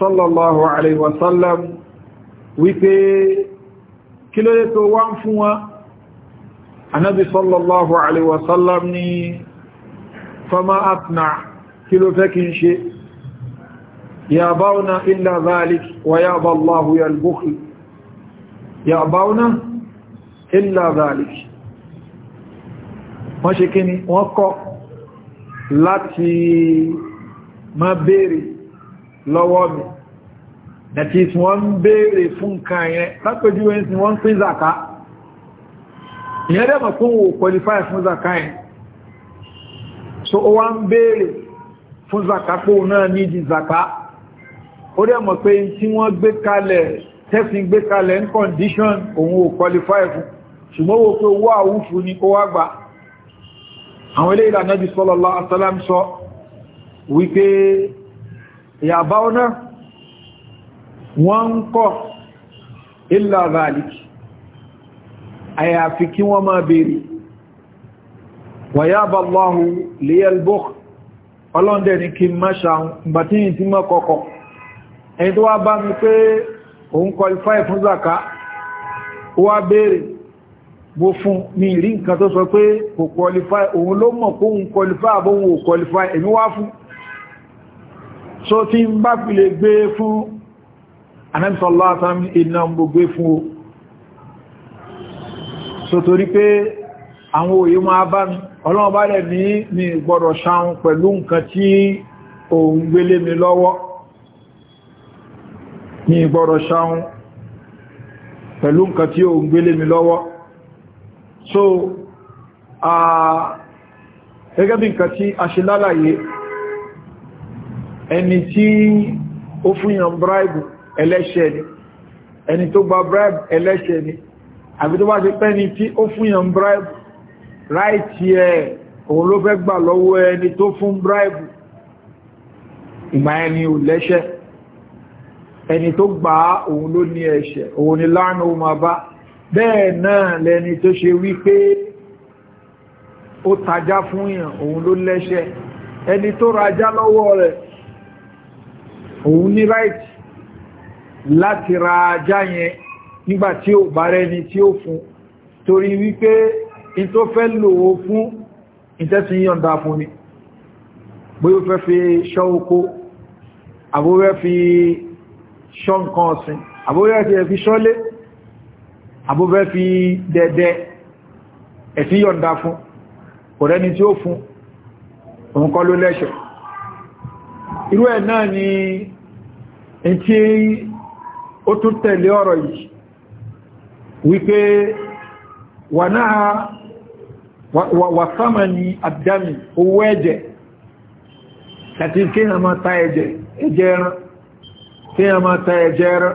sallallahu alaihi wasallam wípé kí ló lè tó wá ń fún wa anábi sallallahu alaihi wasallam ni fama atna kí ló fẹ́ kí n ṣe ya báwọná illa zalik wa ya bá allahu yalbukhi ya báwọná illa zalik wọ́n ṣe kí ni wọ́n kọ́ láti ma béèrè lọ́wọ́ mi that is wọ́n ń béèrè fún nǹkan yẹn lápẹjú ẹni tí wọ́n ń pín zaka ìyẹn dẹ̀ mọ̀ wò qualify fún zaka yẹn so ó wá ń béèrè fún zaka pé òun náà ní di zaka ó dẹ̀ mọ̀ pé tí wọ́n gbé kalẹ̀ tẹ́sìn gbé kalẹ̀ ń condition òun ò qualify fún ṣùgbọ́n wo pé owó àwúfù ni ó wá gbà àwọn ilé ìlànà bí sallallahu alaihi wípé ìyàbá ọ̀nà wọ́n ń kọ́ illa zalik àyàfi kí wọ́n máa bèèrè wa yaba Allahu liyal bukhl ọlọ́ndẹ̀ ni kí má ṣàun ìgbàtí yìí tí mọ́ kọ́kọ́ ẹni tó wá bá mi pé òun qualify fún zaka ó wá bèèrè bó fún mi rí nǹkan tó sọ pé kò qualify òun ló mọ̀ kóhun qualify àbóhun ò qualify èmi wá fún so tí ń bá fi lè gbé fún anẹ́sọ̀lá àtàmì iná gbogbo fún o so torí pé àwọn òye máa bá mi ọlọ́run bá lẹ̀ ní ní gbọ́dọ̀ ṣáun pẹ̀lú nǹkan tí òun gbélé mi lọ́wọ́ ní gbọ́dọ̀ ṣáun pẹ̀lú nǹkan tí òun gbélé mi lọ́wọ́ so gẹ́gẹ́ bí nǹkan tí a ṣe lálàyé ẹni tí ó fún yàn bribe ẹlẹ́ṣẹ̀ ni ẹni tó gba bribe ẹlẹ́ṣẹ̀ ni àbí tó bá ti pẹ́ ni tí ó fún yàn bribe ráìtì ẹ̀ òun ló fẹ́ gbà lọ́wọ́ ẹni tó fún bribe ìgbà ẹni ò lẹ́ṣẹ̀ ẹni tó gbà òun ló ní ẹ̀ṣẹ̀ òun ni láàánú ma bá bẹ́ẹ̀ náà lẹni tó ṣe wípé ó tajá fún yàn òun ló lẹ́ṣẹ̀ ẹni tó rajá lọ́wọ́ rẹ̀ òun ní right láti ra ajá yẹn nígbàtí ò bá rẹni tí ó fún torí wípé in tó fẹ́ lòó fún ìtẹ́sí yọ̀nda fún ni bóyí ó fẹ́ fi ṣọ́ oko àbúrẹ́ fi ṣọ́ nǹkan ọ̀sìn àbúrẹ́ fi ṣọ́lé àbúrẹ́ fi dẹ̀dẹ̀ ẹ̀sí yọ̀nda fún kò rẹni tí ó fún òun kọ́ ló lẹ́ṣọ̀ọ́ irú ẹ̀ náà ni in tí ó tún tẹ̀lé ọ̀rọ̀ yìí wípé wà náà wà sáàmà ní àdámi owó ẹ̀jẹ̀ àti kí a máa ta ẹ̀jẹ̀ ẹ̀jẹ̀ kí a máa ta ẹ̀jẹ̀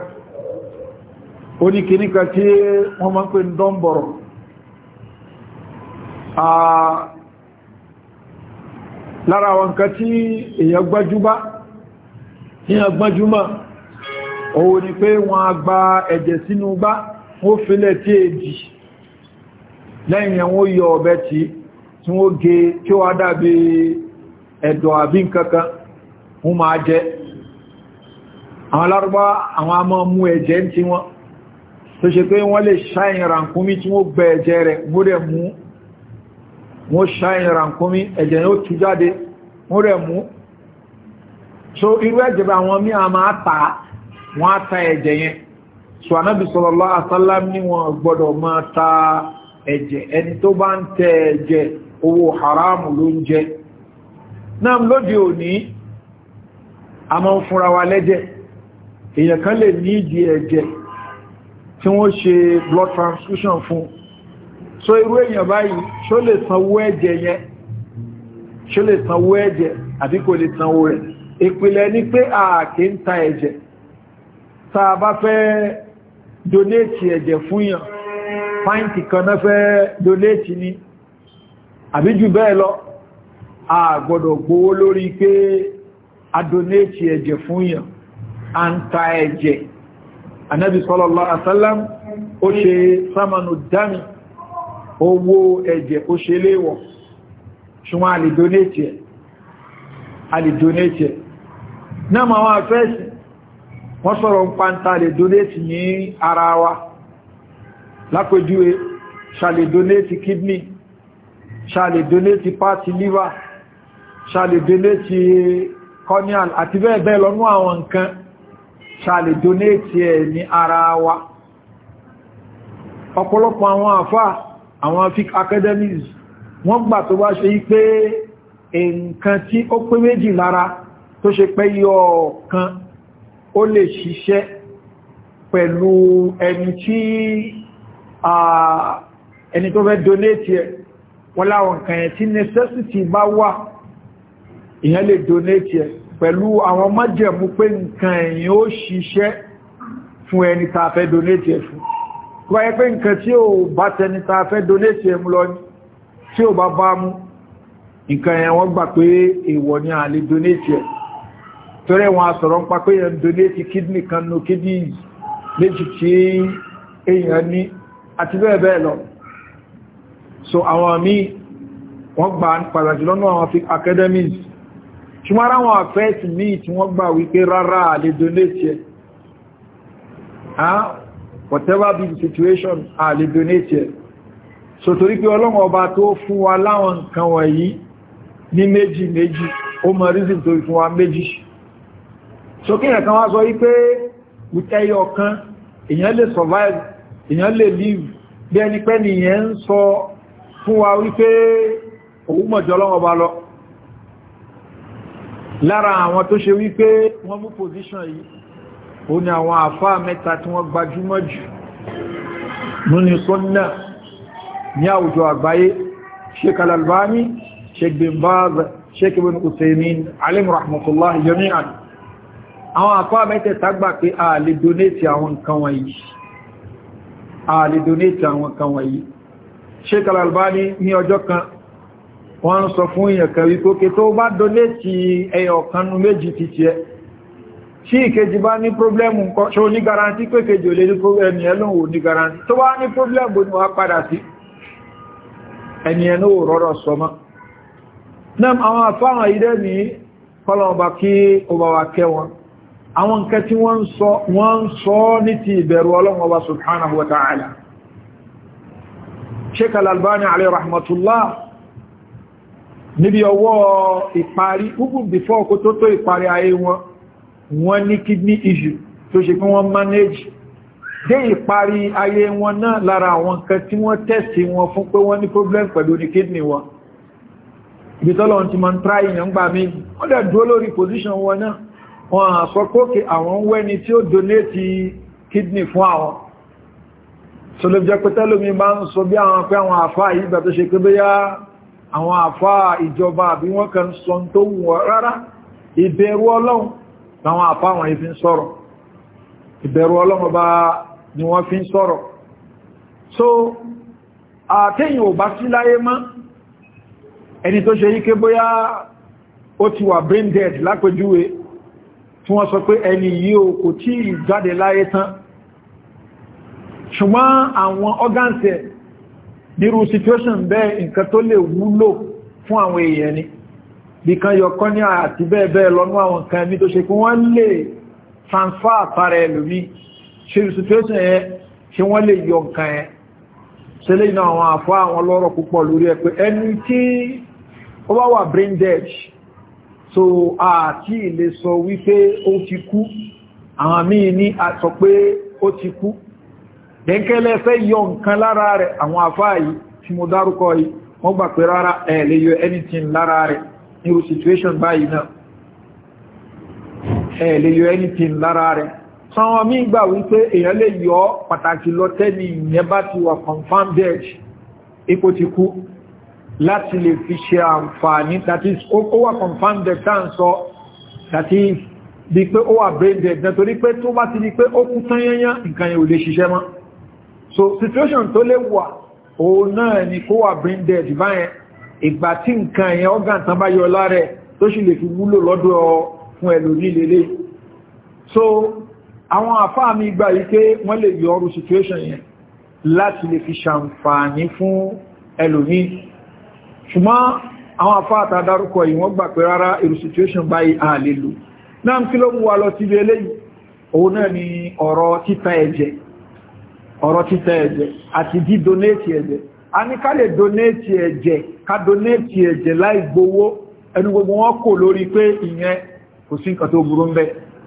ó ní kìníkà tí wọ́n máa pè ní dọ́m̀bọ̀rọ̀ ah, lára àwọn nǹkan tí èyàn gbájúbá èyàn gbájúmọ̀ òun ni pé wọ́n a gba ẹ̀jẹ̀ sínú bá wọ́n fílẹ̀ tí èjì lẹ́yìn wọ́n yọ ọ̀bẹ tí tí wọ́n gé kí e, ó dàbí ẹ̀dọ̀ àbí nǹkankan wọ́n máa jẹ àwọn lárúbá àwọn a mú ẹ̀jẹ̀ tí wọ́n tó ṣe pé wọ́n lè ṣáyìn ràǹkúmí tí wọ́n gbẹ ẹ̀jẹ̀ rẹ̀ wọ́n mú wọ́n ṣáyìn ràǹkúnmí ẹ̀jẹ̀ yóò jáde wọ́n rẹ̀ mú so irú ẹ̀jẹ̀ bá wọn mí àmà wọ́n ẹ̀jẹ̀ yẹn so anábì sallallahu alaihi wasallam ní gbọ́dọ̀ máa ta ẹ̀jẹ̀ ẹni tó bá ń tẹ ẹ̀jẹ̀ owó haramu ló ń jẹ náà lóde òní a máa ń fúnra wa lẹ́jẹ̀ èèyàn kan lè ní ìdí ẹ̀jẹ̀ tí wọ́n ṣe blood transfusion fún so irú èyàn báyìí ṣó lè sanwó ẹ̀jẹ̀ yẹn ṣó lè sanwó ẹ̀jẹ̀ àbí kò lè sanwó rẹ̀ ìpìlẹ̀ ni pé ààkì ń ta ẹ̀jẹ̀ tá bá fẹ́ donate ẹ̀jẹ̀ fún yàn pint kan náà fẹ́ donate ni àbí jù bẹ́ẹ̀ lọ a gbọ́dọ̀ gbówó lórí pé a donate ẹ̀jẹ̀ fún yàn a ń ta ẹ̀jẹ̀ anábi sallallahu ó ṣe sámanù dami owó ẹ̀jẹ̀ ó ṣe léwọ̀ ṣùgbọ́n a lè donate ẹ̀ a lè donate ẹ̀ náà ma wọ́n afẹ́sì wọ́n sọ̀rọ̀ ń pàntà lè donate ní ara wa lápẹjúwe ṣàlè donate kidney ṣàlè donate party liver ṣàlè donate corneal àti bẹ́ẹ̀ bẹ́ẹ̀ lọ́nú àwọn nǹkan ṣàlè donate ẹ̀ ní ara wa ọ̀pọ̀lọpọ̀ àwọn àfáà àwọn fic academies wọ́n gbà tó bá ṣe pé nǹkan tí ó pé méjì lára tó ṣe pé yọ kan ó lè ṣiṣẹ́ pẹ̀lú ẹni tí ẹni tó fẹ́ donate ẹ̀ wọ́n láwọn nǹkan ẹ̀ tí necessity bá wà ìyẹn lè donate ẹ̀ pẹ̀lú àwọn májẹ̀mú pé nǹkan ẹ̀yìn ó ṣiṣẹ́ fún ẹni tá fẹ́ donate ẹ̀ fún kọ́ ẹ pé nǹkan tí ó bá tẹni ta fẹ́ donate ẹmu lọ ní tí ó bá bá mú nǹkan yẹn wọ́n gbà pé èèwọ̀ ni a lè donate wọn àsọ̀rọ̀ ń pa pé yẹn donate kidney kan no kidneys méjì tí èèyàn ní àti bẹ́ẹ̀ bẹ́ẹ̀ lọ so àwọn míì wọ́n gbà pàtàkì lọ́nà àwọn academies ṣùgbọ́n ara wọn àfẹ́ẹ̀sì míì tí wọ́n gbà wípé rárá a lè whatever be the situation a lè donate ẹ̀ so torí pé ọlọ́run ọba tó fún wa láwọn nǹkan wọ̀nyí ní méjì méjì ó mọ reason tó fún wa méjì so kí ẹ̀kan wá sọ wípé wùtẹ́yọ kan èèyàn lè survive èèyàn lè live bí ẹni pẹ́ nìyẹn ń sọ fún wa wípé òun mọ̀jọ ọlọ́run ọba lọ lára àwọn tó ṣe wípé wọ́n mú position yìí ó ní àwọn àfá mẹ́ta tí wọ́n gbajúmọ̀ jù múni sọ́nà ní àwùjọ àgbáyé sheik albani sheik bin usaimin alim rahmatullah jami'an àwọn àfá mẹ́tẹ̀ta gbà pé a lè donate àwọn nǹkan wọ̀nyí a lè donate àwọn nǹkan wọ̀nyí sheik al-albani ní ọjọ́ kan wọ́n sọ fún èèyàn kan wípé tó bá donate ẹyọ kan méjì ti tiẹ̀ tí ìkejì bá ní problemu nǹkan ṣe ní garanti pé kejì ò lè ní ẹni ẹlọ́wò ní garanti tó bá ní problemu ní wá padà sí ẹni ẹnú rọrọ sọmọ́ náà àwọn àfáwọn ilẹ̀ ní kọlọ̀ọ̀bá kí o wà kẹ́ wọn àwọn nǹkan tí wọ́n ń sọ ní ti ìbẹ̀rù ta'ala al wọ́n ní kidney issue tó ṣe pé wọ́n manage dé ìparí ayé wọn náà lára àwọn nǹkan tí wọ́n tẹ́sì wọn fún pé wọ́n ní problem pẹ̀lú ní kidney wọn ibi tọ́lọ̀ ti ma ń tra ìyàn gbà mí wọ́n dẹ̀ dúró lórí position wọn náà wọ́n à sọ pókè àwọn wẹ́ni tí ó donate kidney fún àwọn so jẹ́ pé tẹ́lómi bá ń sọ bí àwọn pé àwọn àfáà yìí gbà tó ṣe pé bóyá àwọn àfáà ìjọba àbí wọ́n kàn sọ tó wù rárá ìbẹ̀rù ọlọ́run táwọn àpáwọn ìfin sọ́rọ̀ ìbẹ̀rù ọlọ́mọba ni wọ́n fi ń sọ́rọ̀ so àtẹ́yìn ò bá sí láyé mọ́ ẹni tó ṣe yíké bóyá ó ti wà brain dead lápẹjúwe tí wọ́n sọ pé ẹni yíò kò tí jáde láyé tán ṣùgbọ́n àwọn organs ẹ̀ nírú situation bẹ́ẹ̀ nǹkan tó lè wúlò fún àwọn èèyàn ni bíkan yọkọ́ ní àti bẹ́ẹ̀bẹ́ẹ̀ lọ́nú àwọn nǹkan ẹ̀mí tó ṣe kí wọ́n lè transfer àtàrà ẹlòmí ṣe situation yẹn ṣe wọ́n lè yọ nǹkan ẹ̀ ṣẹlẹ̀ iná àwọn àfá àwọn lọ́rọ̀ púpọ̀ lórí ẹ̀ ẹni tí ó bá wà brain dead so àti ilé sọ wípé ó ti kú àwọn míì ní àsọ pé ó ti kú dẹ́ńkẹ́lẹ́ fẹ́ yọ nǹkan lára rẹ̀ àwọn àfá yìí tí mo dárúkọ yìí wọ́n gbà pé rárá ẹ̀ lè yọ anything lára rẹ̀ irú situation báyìí náà ẹ̀ lè yọ anything lára rẹ̀ sanwọ́n mí gbà wípé èèyàn lè yọ pàtàkì lọ tẹ́lì ìyẹn bá ti wà confirm dead ipò ti kú láti lè fi ṣe àǹfààní that is ó wà confirm dead tá ń sọ that is bí pé ó wà brain dead náà torí pé tó bá ti di pé ó kú tán yányá nǹkan yẹn ò lè ṣiṣẹ́ mọ́ so situation tó lè wà òun náà ni kó wà brain dead báyẹn ìgbà tí nǹkan ẹ̀yẹn ọ́gàn tán bá yọ lára tó sì lè fi wúlò lọ́dọ̀ fún ẹlòmí lélẹ̀ so àwọn àfáà mi gbà yí pé wọ́n lè yọ ọrù situation yẹn láti lè fi ṣàǹfààní fún ẹlòmí ṣùgbọ́n àwọn àfáà tá dárúkọ yìí wọ́n gbà pé rárá irú situation báyìí a lè lò náà kí ló mú wa lọ síbi eléyìí òun náà ni ọ̀rọ̀ títa ẹ̀jẹ̀ ọ̀rọ̀ títa ẹ̀jẹ̀ àti dídonate ẹ̀jẹ̀ a ní ká lè donate ẹ̀jẹ̀ ká donate ẹ̀jẹ̀ láì gbowó ẹnu gbogbo wọn kò lórí pé ìyẹn kò sí nǹkan tó burú ń bẹ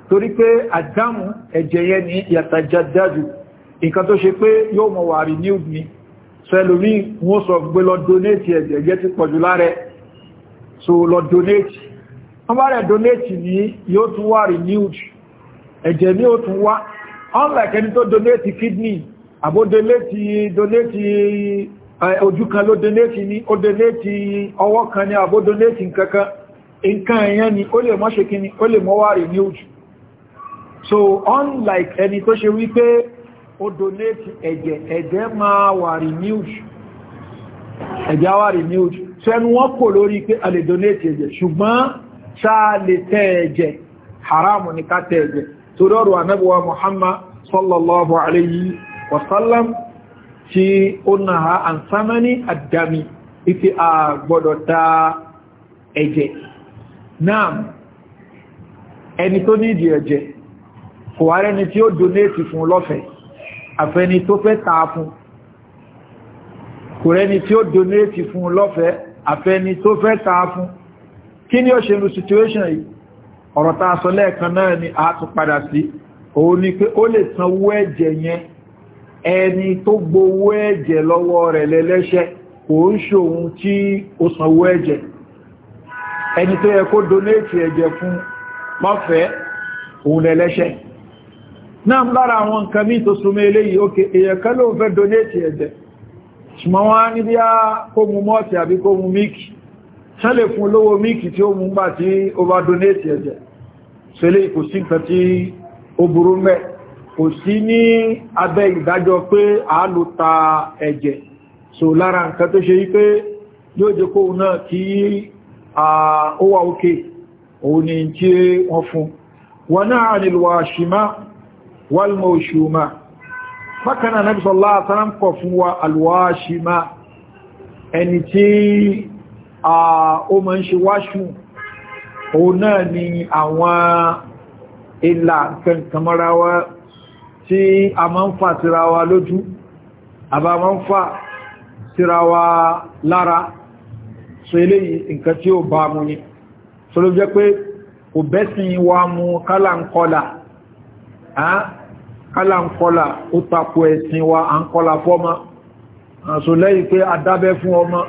torí pé àdámù ẹ̀jẹ̀ yẹn ní yàtàjá dájú nǹkan tó ṣe pé yóò mọ̀ wà renewed ni sẹ́lórí wọ́n sọ gbé lọ donate ẹ̀jẹ̀ ẹ̀jẹ̀ ti pọ̀jù láàrẹ so lọ donate wọ́n bá rẹ̀ donate ní yóò tún wà renewed ẹ̀jẹ̀ ní ó tún wá unlike ẹni tó donate kidney àbó donate donate ojú kan ló donate ní ó donate ọwọ́ kan ní àbó donate nkankan nkan ni ó lè mọ́ ṣe kíni ó lè mọ́ wà renewed so unlike ẹni tó ṣe wípé ó donate ẹ̀jẹ̀ ẹ̀jẹ̀ máa wà ẹ̀jẹ̀ wà so ẹnu wọ́n kò lórí pé a lè donate ẹ̀jẹ̀ ṣùgbọ́n sáà lè tẹ́ ẹ̀jẹ̀ haramu ni ká tẹ́ ẹ̀jẹ̀ torí ọ̀rọ̀ Muhammad sallallahu alayhi wasallam tí ó náà àǹsámání àdámi ìfi àgbọ́dọ̀ ta ẹ̀jẹ̀ náà ẹni tó ní ìdí ẹ̀jẹ̀ kò wá rẹni tí ó donate fún lọ́fẹ̀ẹ́ àfẹni tó fẹ́ ta fún kò rẹni tí ó donate fún lọ́fẹ̀ẹ́ àfẹni tó fẹ́ ta fún kí ni ó ṣe lu situation yìí ọ̀rọ̀ ta sọ lẹ́ẹ̀kan náà ni a tún padà sí òun ni pé ó lè sanwó ẹ̀jẹ̀ yẹn ẹni tó gbowó ẹ̀jẹ̀ lọ́wọ́ rẹ̀ lẹ́lẹ́ṣẹ̀ kò ń ṣòun tí ó sanwó ẹ̀jẹ̀ ẹni tó yẹ kó ẹ̀jẹ̀ fún mọ́fẹ́ òun lẹ́lẹ́ṣẹ́. náà lára àwọn nǹkan mí tó súnmọ́ eléyìí èyàn kan ló fẹ́ ẹ̀jẹ̀ ṣùgbọ́n wọ́n ní bí fún míìkì tí ó mú gbà tí ó bá ẹ̀jẹ̀ kò kò sí ní abẹ́ ìdájọ́ pé a lò ta ẹ̀jẹ̀ so lára nǹkan tó ṣe wípé yóò jẹ́ kóhun náà kí ó wà òkè òun ni tí wọ́n fún wọn náà nílùwà ṣìmá wálmọ̀ òṣùmá bákanáà náà òun náà ni àwọn ìlà kankanmọ́ra wa tí a máa ń fà síra wa lójú àbá máa ń fà síra wa lára so eléyìí nǹkan tí ó bá mú ní so ló jẹ́ pé kò bẹ́sìn wa mú kálà ń kọlà kálà ń kọlà ó tako ẹ̀sìn wa à ń kọlà fọ́mọ́ àṣò lẹ́yìn pé a dábẹ́ fún ọmọ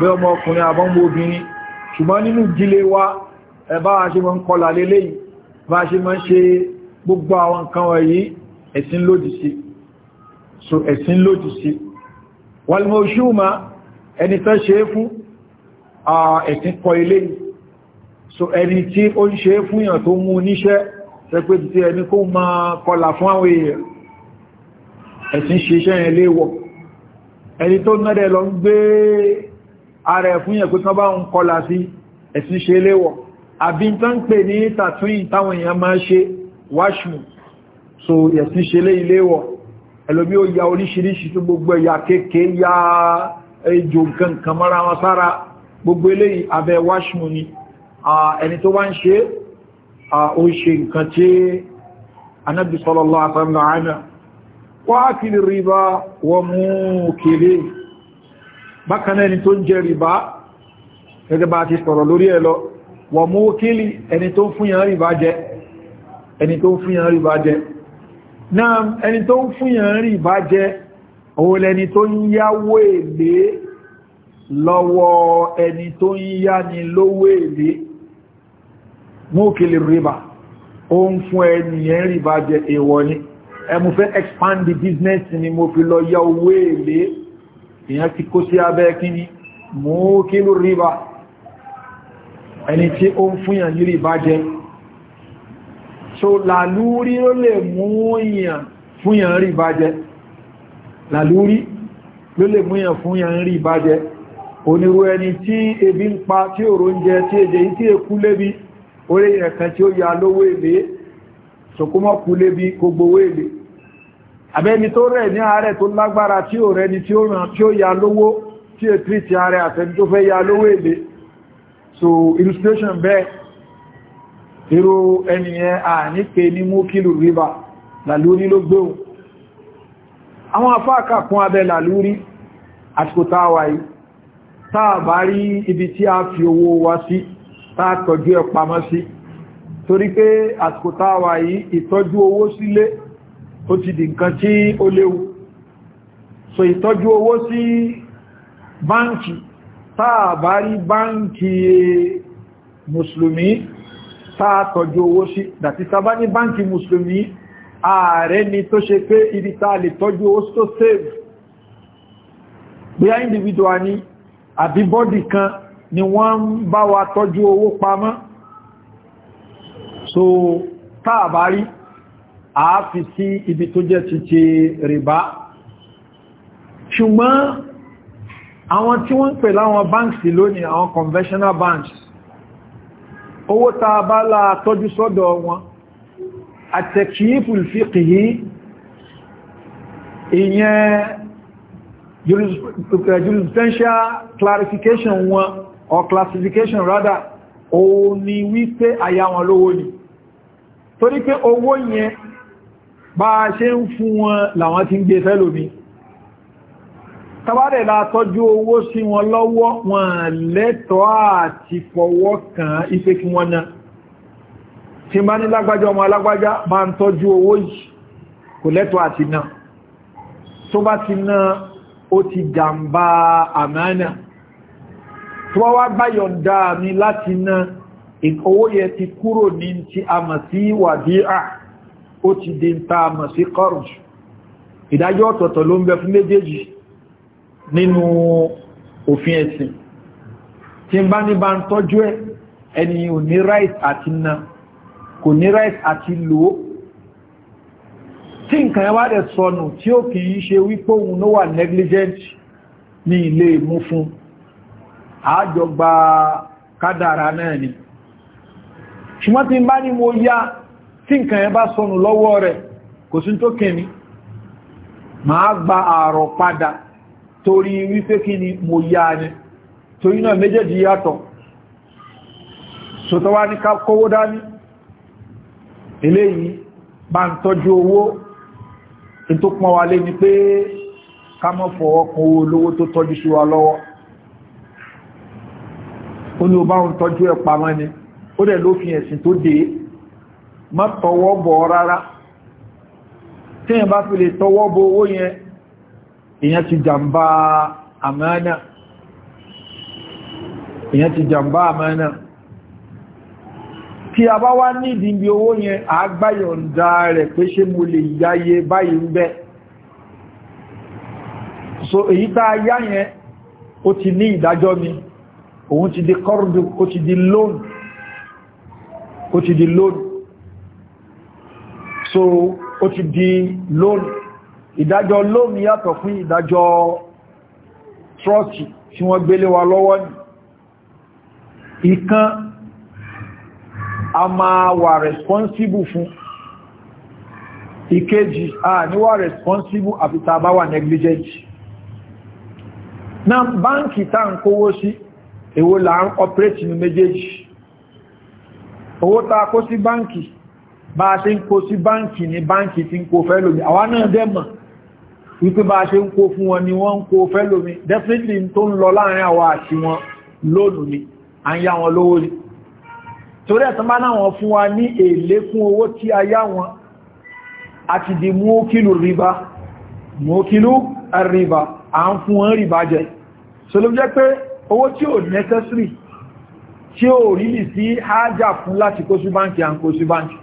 bẹ́ ọmọ ọkùnrin àbọ́mọ obìnrin ṣùgbọ́n nínú ìdílé wa ẹ̀bá a ṣe mọ́ ń kọlà lélẹ́yìn bá a ṣe mọ́ ṣe gbogbo àwọn nǹkan wọ̀nyí ẹ̀sìn lòdì sí so ẹ̀sìn lòdì sí wàlmọ̀ òṣùmá ẹni tán ṣe é fún ẹ̀sìn kọ ilé so ẹni tí ó ń ṣe é fún èèyàn tó mú níṣẹ́ pẹ́pẹ́ ti ẹni kó máa kọlà fún àwọn èèyàn ẹ̀sìn ṣe iṣẹ́ yẹn léwọ̀ ẹni tó nọ́dẹ̀ lọ ń gbé so ẹ̀sìn ṣe lé ilé wọ̀ ẹlòmí ó ya oríṣiríṣi tó gbogbo ẹ̀yà kéèké ya ejò nǹkan mọ́ra wọn sára gbogbo eléyìí abẹ́ wáṣmù ni ẹni tó wá ń ṣe ó ṣe nǹkan tí anábì sallallahu alaihi wa sallam wá kiri rìbá wọ́n mú kiri bákan ẹni tó ń jẹ rìbá gẹ́gẹ́ bá ti sọ̀rọ̀ lórí ẹ̀ lọ wọ́n mú kiri ẹni tó ń fún rìbá jẹ ẹni tó ń fún rìbá jẹ náà ẹni tó ń fúnyàn rí bá jẹ́ òun lẹni tó ń yáwó èlé lọ́wọ́ ẹni tó ń yá ni lówó èlé múkìlì rìbá ó ń fún ẹniyàn rí bá jẹ́ èèwọ̀ ni ẹmú fẹ́ expand the business ni mo fi lọ yá owó èlé èyàn ti kó sí abẹ́ kíní múkìlì rìbá ẹni tí ó ń fúnyàn rí bá jẹ́ so làlúrí ó lè mú èèyàn fún èèyàn rí ìbájẹ́ làlúrí ló lè mú èèyàn fún èèyàn rí ìbájẹ́ onírú ẹni tí ebi ń pa tí òrò ń jẹ tí èdè tí èkú lébi orí ẹ̀kan tí ó ya lówó èlé sọkúmọ́kú lébi kó gbowó èlé àbẹ́ni tó rẹ̀ ní ààrẹ tó lágbára tí ò rẹni tí ó ràn tí ó ya lówó tí è tí ti ààrẹ àtẹni tó fẹ́ ya lówó èlé so illustration bẹ́ẹ̀ irú ẹniyẹn a ní pé ní mú kílù ríbà làlúrí ló gbéhùn àwọn afáàkà kún abẹ làlúrí àsìkò táwà yìí táà bá rí ibi tí a fi owó wa sí táà tọ́jú ẹ pamọ́ sí torí pé àsìkò táwà yìí ìtọ́jú owó sílé ó ti di tí ó léwu so ìtọ́jú owó sí báńkì táà bá rí báńkì mùsùlùmí sáàtọ̀jú owó sí dàti sábá ní báńkì musulmi ààrẹ ni tó ṣe pé ibi ta lè tọ́jú owó tó save bí individual ni àbí bọ́dì kan ni wọ́n ń bá wa tọ́jú owó pamọ́ so táàbárí àáfi sí ibi tó jẹ́ ti ti rìbá ṣùgbọ́n àwọn tí wọ́n ń pè láwọn banks lónìí àwọn conventional banks owó ta bá láà tọ́jú sọ́dọ̀ wọn àtẹ̀kìífùl fíkìí ìyẹn jurisprudential clarification wọn or classification rather òun ni wípé àyà wọn lówó ni torí pé owó yẹn bá ṣe ń fún wọn làwọn ti ń gbé fẹ́lòmí tàbádẹ̀ la tọ́jú owó sí wọn lọ́wọ́ wọn lẹ́tọ̀ọ́ àti fọwọ́ kàn ife kí wọ́n náà tí bá ní lágbájá ọmọ alágbájá bá ń tọ́jú owó yìí kò lẹ́tọ̀ọ́ àti náà tó bá ti náà ó ti jàmbá àmánà tó wá gbáyọ̀ndà mi láti náà owó yẹ ti kúrò ní ti àmà sí wàdíà ó ti dé àmà sí kọrùn ìdájọ́ ọ̀tọ̀ọ̀tọ̀ ló ń bẹ fún méjèèjì nínú òfin ẹ̀sìn tí n bá ní bá ń tọ́jú ẹ̀ ẹni ò ní right àti na kò ní right àti lò ó tí nǹkan ẹ wá dẹ̀ sọnù tí ó kì í ṣe wípé òun ló wà negligent ní ilé ìmú fún àájọ gba náà ni ṣùgbọ́n tí n bá ní mo yá tí nǹkan ẹ bá sọnù lọ́wọ́ rẹ̀ kò sí tó kẹ́ni màá gba ààrọ̀ padà torí wípé kí ni mo yá ni torí náà méjèèjì yàtọ̀ sọ́tọ́wá ní ká kówó dání eléyìí bá ń tọ́jú owó tó pọ́n wa lé ni pé ká mọ́ fọwọ́ kan owó olówó tó tọ́jú sí wa lọ́wọ́ ó ní o bá ń tọ́jú ẹ̀ pamọ́ ni ó dẹ̀ ló fi ẹ̀sìn tó dé má tọwọ́ bọ̀ rárá tí èèyàn bá fi lè tọwọ́ bọ owó yẹn ìyẹn ti jàmbá àmánà ìyẹn ti jàmbá àmánà tí a bá wá nídìí ibi owó yẹn àgbáyọ̀ǹda rẹ̀ pé ṣé mo lè yáyé báyìí ń bẹ́ so èyí tá a yá yẹn ó ti ní ìdájọ́ mi òun ti di kọ́rùdù ó ti di loan ó ti di loan so ó ti di loan ìdájọ́ lómi yàtọ̀ fún ìdájọ́ trọ́ọ̀tì tí wọ́n gbélé wa lọ́wọ́ ní ìkan a máa wà responsible fún ìkejì a níwà responsible àfità bá wà negligent na báńkì tá ń kówó sí èwo là ń operate ní méjèèjì owó tá kó sí báńkì bá a ṣe ń kó sí báńkì ní báńkì tí ń kó fẹ́ lómi àwa náà dẹ́mọ̀ wípé bá ṣe ń kó fún wọn ni wọ́n ń kó fẹ́ lómi definitely tó ń lọ láàrin àwọn àti wọn lónù ni a ń yá wọn lówó ni torí ẹ̀sán bá náwọn fún wa ní èlé fún owó tí a yá wọn àti di mọ́kílù ríbá mọ́kílù ríbá a ń fún wọn ríbá jẹ so pé owó tí ò necessary tí ò rí lì sí hájà fún láti kó sí báńkì à ń kó sí báńkì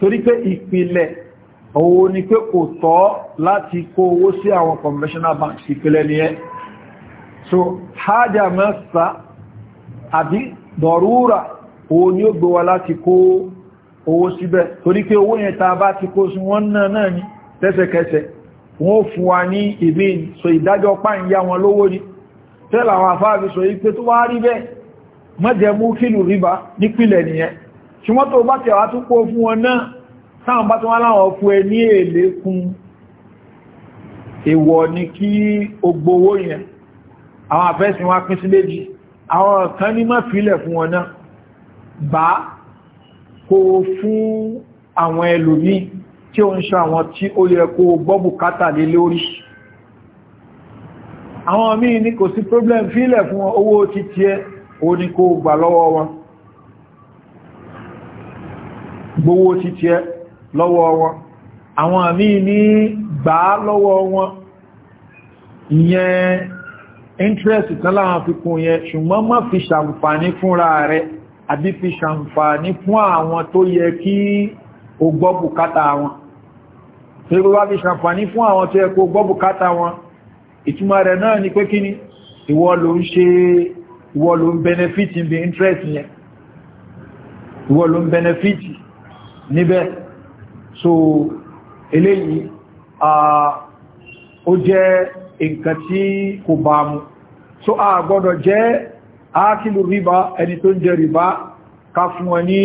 torí pé ìpìlẹ̀ òun ni pé kò tọ́ láti kó owó sí àwọn conventional banks ìpìlẹ̀ ni ẹ́ so hajjá mẹ́sà àbí dọ̀rúra òun ni ó gbé wa láti kó owó síbẹ̀ torí pé owó yẹn ta bá ti kó sí wọ́n náà náà ni tẹ́sẹ̀kẹsẹ̀ wọ́n fún wa ní ìbí so ìdájọ́ páyìyá wọn lówó ni tẹ́lá àwọn afáàbí so ipé tó wá rí bẹ́ẹ̀ mọ́jẹ̀mú kìlù ríbá nípìlẹ̀ nìyẹn ṣùgbọ́n tó bá tẹ̀wá tún kó fún wọn náà táwọn bá tó wá láwọn fún ẹ ní èlé fún èwọ̀ ní kí o gbowó yẹn àwọn àfẹ́sìn wá pín sí méjì àwọn kan ní má fílẹ̀ fún wọn náà bá kó fún àwọn ẹlòmí tí ó ń ṣe àwọn tí ó yẹ kó gbọ́bù kátàlé lórí àwọn míì ní kò sí problem fílẹ̀ fún owó títí ẹ o ní kó gbà lọ́wọ́ wọn gbowó títí ẹ lọ́wọ́ wọn àwọn àmì ní gbà á lọ́wọ́ wọn ìyẹn interest tán láwọn fi kún yẹn ṣùgbọ́n má fi ṣàǹfààní fúnra rẹ̀ àbí fi ṣàǹfààní fún àwọn tó yẹ kí o gbọ́ bùkátà wọn tí ó bá fi ṣàǹfààní fún àwọn tó yẹ kó gbọ́ bùkátà wọn ìtumọ̀ rẹ̀ náà ni pé kí ni ìwọ ló ń ṣe ìwọ ló ń benefit níbi interest yẹn ìwọ ló ń benefit níbẹ̀ so eléyìí ó jẹ́ nǹkan tí kò bá mu so a gbọ́dọ̀ jẹ́ ákìlù ríbá ẹni tó ń jẹ ríbá ká fún wọn ní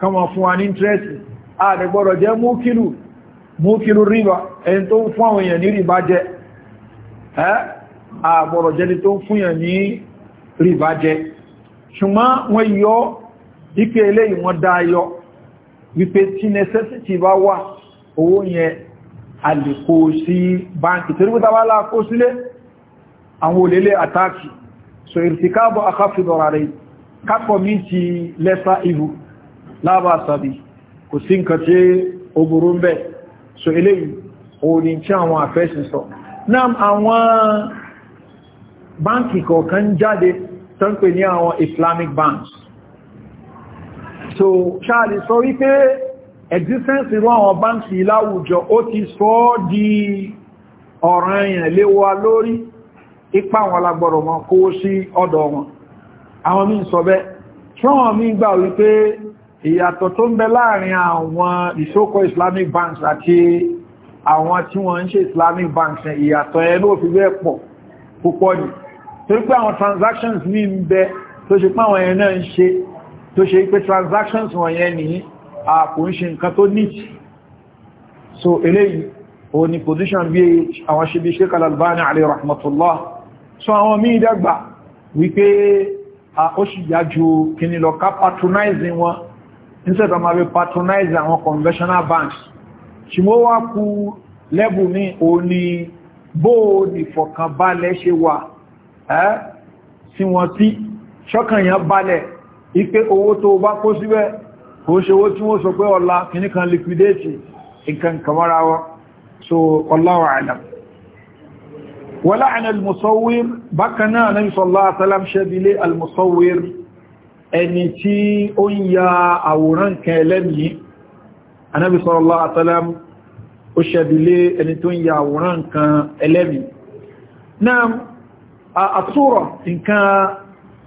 kama fún wa ní interest a dẹ̀ gbọ́dọ̀ jẹ́ múkìlù múkìlù ríbá ẹni tó ń fún àwọn èèyàn ní ríbá jẹ́ a gbọ́dọ̀ jẹ́ ni tó ń fún èèyàn ní ríbá jẹ́ ṣùgbọ́n wọ́n yọ ike eléyìí wọ́n dá yọ wípé tí necessity bá wà owó yẹn a lè kó sí báńkì torí pé tàbá láà kó sílé àwọn olèlé àtàkì so ìrìtìkáàbọ̀ akáfidọ̀ra rẹ̀ kápọ̀ mi ti lẹ́sà ìlú lábàásàbí kò sí nǹkan tí ó burú ń bẹ̀ so eléyìí òun ni tí àwọn àfẹ́sìn sọ náà àwọn báńkì kọ̀ọ̀kan jáde tán pè islamic banks so ṣáàlì sọ wípé existence irú àwọn báńkì láwùjọ ó ti sọ di ọ̀ràn èèyàn léwa lórí ipá wọn lagbọ̀rọ̀ wọn kó sí ọ̀dọ̀ wọn àwọn míì sọ bẹ́ ṣọ́wọ́n míì gbà wípé ìyàtọ̀ tó ń bẹ láàrin àwọn ìṣókọ islamic banks àti àwọn tí wọ́n ń ṣe islamic banks ìyàtọ̀ ẹ̀ ló fi bẹ́ẹ̀ pọ̀ púpọ̀ ní torí àwọn transactions míì ń bẹ tó ṣe pé àwọn ẹ̀ náà ń ṣe tó ṣe pé transactions wọ̀nyẹn ní àpò ń ṣe nǹkan tó neat so eléyìí o ni position bí àwọn ṣe bí Sheikh Al-Albani alayhi rahmatullah so àwọn míì dàgbà wípé ó sì yá ju kíní lọ ká patronizing wọn instead of ma patronize àwọn conventional banks ṣùgbọ́n wá kú lẹ́bù ní òní bóòdì fọ̀kànbalẹ̀ ṣe wà ẹ́ sí wọn tí ṣọ́kànyàn balẹ̀ ipé owó tó bá kó síbẹ̀ kò ṣe owó tí wọ́n sọ pé ọlá kìníkan liquidate nǹkan kamara wọn so wallahu a'lam ولعن المصور بكنا نبي صلى الله عليه وسلم شبيلي المصور ẹni tí ó ń ya àwòrán nǹkan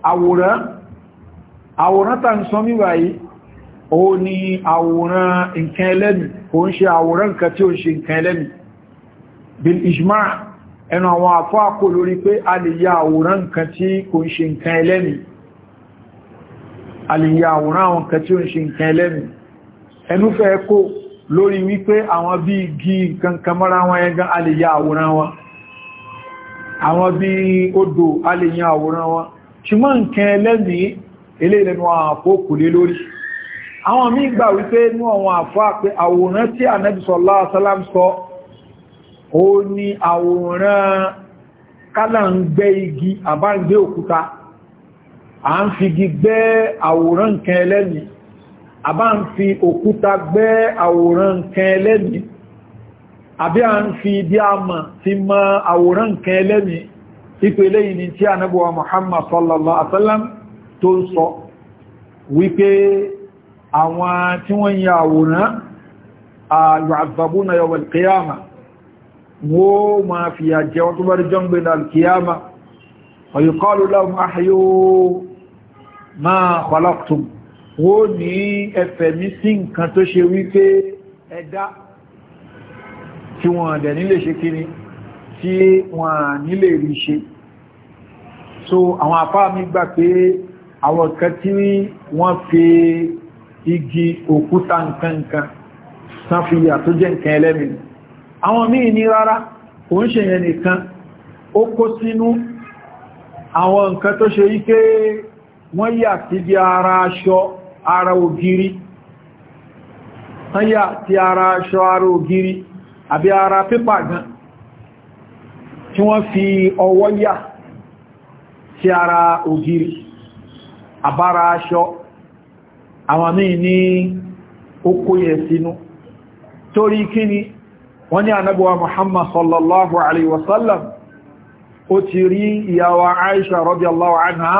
àwòrán àwòrán tà ń sọ míwà yìí ó ní àwòrán nǹkan ẹlẹ́mì kò ń ṣe àwòrán nǹkan tí ó ń ṣe nǹkan ẹlẹ́mì bil ijma ẹnu àwọn àfọ́ àkó lórí pé a lè ya àwòrán nǹkan tí kò ń ṣe nǹkan ẹlẹ́mì a lè ya àwòrán àwọn nǹkan tí ó ń ṣe nǹkan ẹlẹ́mì ẹnu fẹ́ kó lórí wípé àwọn bí igi nǹkan kamara wọn ẹgan a lè ya àwòrán wọn àwọn bí odò a lè ya àwòrán wọn ṣùgbọ́n nǹkan ẹlẹ́mìí ilé ìlẹ́nu àfó kò lé lórí àwọn míì gbà wípé inú àwọn àfá pé àwòrán tí ànábì sallallahu alaihi wasallam sọ ó ní àwòrán kálà ń gbẹ́ igi àbá ń gbé òkúta à ń fi igi gbẹ́ àwòrán nǹkan ẹlẹ́ni àbá ń fi òkúta gbẹ́ àwòrán nǹkan ẹlẹ́ni àbí à ń fi bí a mọ̀ ti mọ àwòrán nǹkan ẹlẹ́ni ipele yìí ni tí ànábì Muhammad sallallahu alaihi wasallam tó ń sọ wípé àwọn tí wọ́n yà àwòrán yu'azzabuna yawm al-qiyama wọ́n ma fi àjẹ́ wọ́n tó bá rí jọ́ngbìn al-qiyama wa yuqalu lahum ahyu ma khalaqtum wọ́n ní ẹfẹ̀ mi sí nǹkan tí wọ́n dẹ̀ rí ṣe so àwọn àfáà mi gbà pé àwọn kan tí wọ́n fi igi òkúta nkankan sáfíyà tó jẹ́ nkan ẹlẹ́mìn àwọn míì ní rárá kò ń ṣe yẹn nìkan ó kó sínú àwọn nkan tó ṣe wípé wọ́n yà sí bí ara aṣọ ara ògiri wọ́n yà sí ara aṣọ ara ògiri àbí ara pépà gan tí wọ́n fi ọwọ́ yà sí ara ògiri àbára aṣọ àwọn míì ní okó yẹ sínú torí kíni wọ́n ní anábíwa muhammad sallallahu alaihi wasallam ó ti rí ìyàwó aisha radiyallahu anha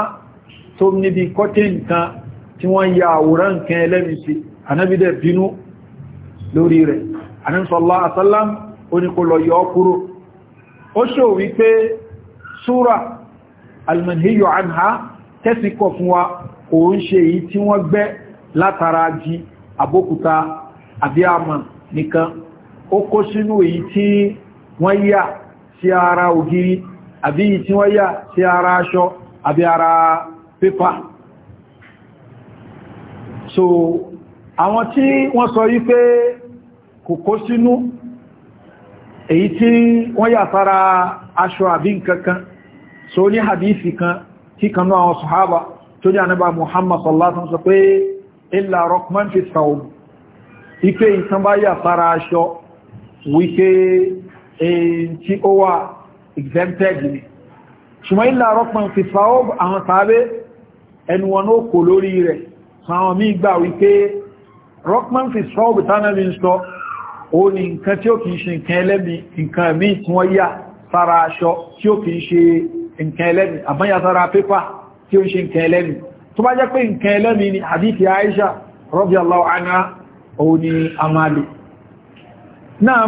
tó níbi kọ́tẹ̀ nǹkan tí wọ́n ya àwòrán nǹkan ẹlẹ́mìsí anábídẹ̀ bínú lórí rẹ̀ anábísọ́lá asálám oníkọlọ yọ kúrò ó anha tẹ́sí kọ̀ fún wa kò ń ṣe èyí tí wọ́n gbẹ́ látara jí àbókúta àbí àmà nìkan ó kó sínú èyí tí wọ́n yà sí ara ògiri àbí èyí tí wọ́n yà sí ara aṣọ àbí ara pépà so àwọn tí wọ́n sọ yí pé kò kó sínú èyí tí wọ́n yà sára aṣọ àbí nǹkankan so ní hadithi kan tí kanú àwọn sọ̀hábà tó jẹ́ ànábà muhammad sallátán sọ pé illa rockman fi sàúl ipé ìtàn bá yà sára aṣọ wípé èyí tí ó wà exempted ni ṣùgbọ́n illa rockman fi sàúl àwọn tàbí ẹnu wọn ó kò lórí rẹ̀ sàwọn mí gbà wípé rockman fi sàúl tánàbí ń sọ ó ní nǹkan tí ó kìí ṣe nǹkan ẹlẹ́mì nǹkan míì tí wọ́n yà sára aṣọ tí ó kìí ṣe nǹkan ẹlẹ́mì àbáyàsára pépà tí ó ń ṣe nǹkan ẹlẹ́mì tó bá jẹ́ pé nǹkan ẹlẹ́mì ni àdíkì Aisha radiyallahu anha òun ni a máa lò náà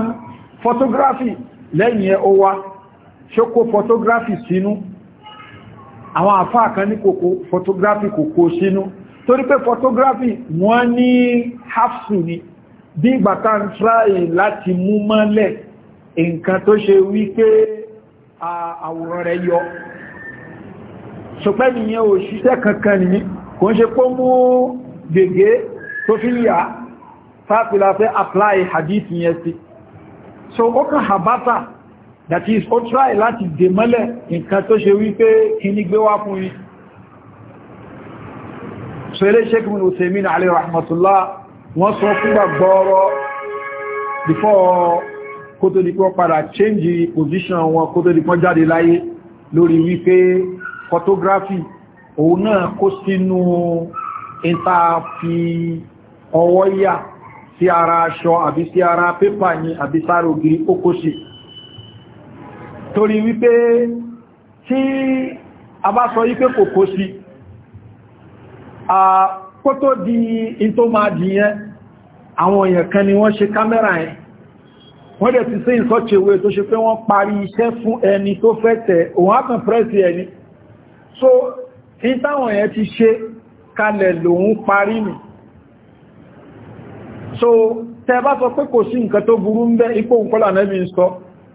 photography lẹ́yìn ẹ ó wá ṣókó photography sínú àwọn àfáà kan ní kòkó photography kòkó sínú torí pé photography wọ́n ní hafsu ni bí ìgbà ń tráì láti mú mọ́lẹ̀ nǹkan tó ṣe wípé àwòrán rẹ̀ yọ ṣùgbẹ́ nìyẹn ò ṣiṣẹ́ kankan ní kò ń ṣe pó mú gègé tó fi yà fáfilá fẹ́ apply hadith yẹn sí so ó kàn habata that is ó try láti dè mọ́lẹ̀ nǹkan tó ṣe wípé kíní gbé wá fún yín so ilé ṣẹ́kùn ní òsèmí ní alẹ́ rahmatullah wọ́n kó tó di pọ́ padà change position wọn kó tó di pọ́ jáde láyé lórí wípé photography òun náà kó sínú ìta fi ọwọ́ yà sí ara aṣọ àbí sí ara pépà ní àbí sára ògiri ó kó sí torí wípé tí a bá sọ wípé kò kó sí kó di in tó máa dìyẹn àwọn èèyàn kan ni wọ́n ṣe kámẹ́rà yẹn wọ́n dẹ̀ ti sí ìsọ́chewé tó ṣe pé wọ́n parí iṣẹ́ fún ẹni tó fẹ́ tẹ̀ òun ápùn prẹ́sì ẹni so in táwọn yẹn ti ṣe kalẹ̀ lòun parí nì so tẹ bá sọ pé kò sí nǹkan tó burú ń bẹ ipò òǹkọ́lá nẹ́bí ń sọ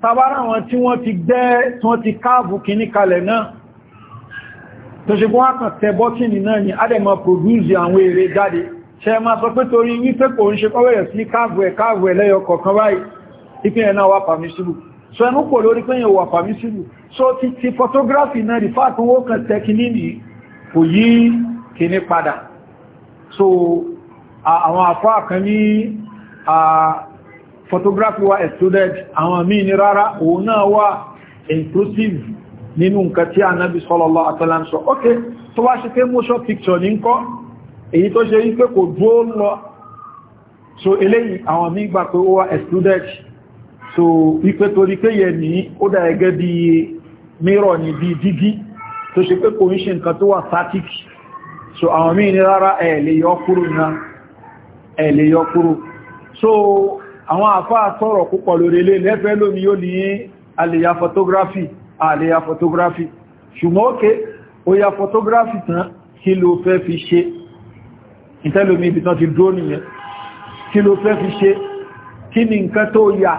tabára wọn tí wọ́n ti gbẹ́ tí wọ́n ti káàbù kìíní kalẹ̀ náà tó ṣe bọ́n ákàn tẹ bọ́tíni náà ni adẹ̀mọ̀ pòdúùsì àwọn èrè jáde ṣe máa sọ pé torí wípé kò ń ṣe kọ́wẹ̀rẹ̀ sí káàbù ẹ̀ káàbù ẹ̀ lẹ́yọ kọ̀ọ̀kan báyìí ìpín ẹ̀nà wà pàmísìlù so ẹnu kò lórí pé yẹn wà pàmísìlù so ti ti photography náà di fáàkì owó kan tẹ́kìní ní kò yí kìíní padà so àwọn àfáà kan ní photography wa excluded àwọn míì ní rárá òun náà wà inclusive nínú nǹkan tí Ànábì sallallahu alaihi wasallam sọ ok tó wá ṣe pé motion picture ní ń kọ́ èyí tó ṣe wípé kò dúó lọ so eléyìí àwọn míì gbà pé ó wà excluded so wípé torí pé yẹ ní ó dá ẹgẹ́ bí mírọ̀ ní bí dígí tó ṣe pé kò ń ṣe nǹkan tó wà static so àwọn míì ní rárá ẹ̀ lè yọ kúrò náà ẹ̀ lè yọ kúrò so àwọn àfáà sọ̀rọ̀ púpọ̀ lórí ilé lẹ́fẹ́ lómi yóò ní àlèyà photography àlèyà photography ṣùgbọ́n ókè ó ya photography tán kí ló fẹ́ fi ṣe ìtẹ́lómi ibi tán ti dúró nìyẹn kí ló fẹ́ fi ṣe kí ni nǹkan tó yà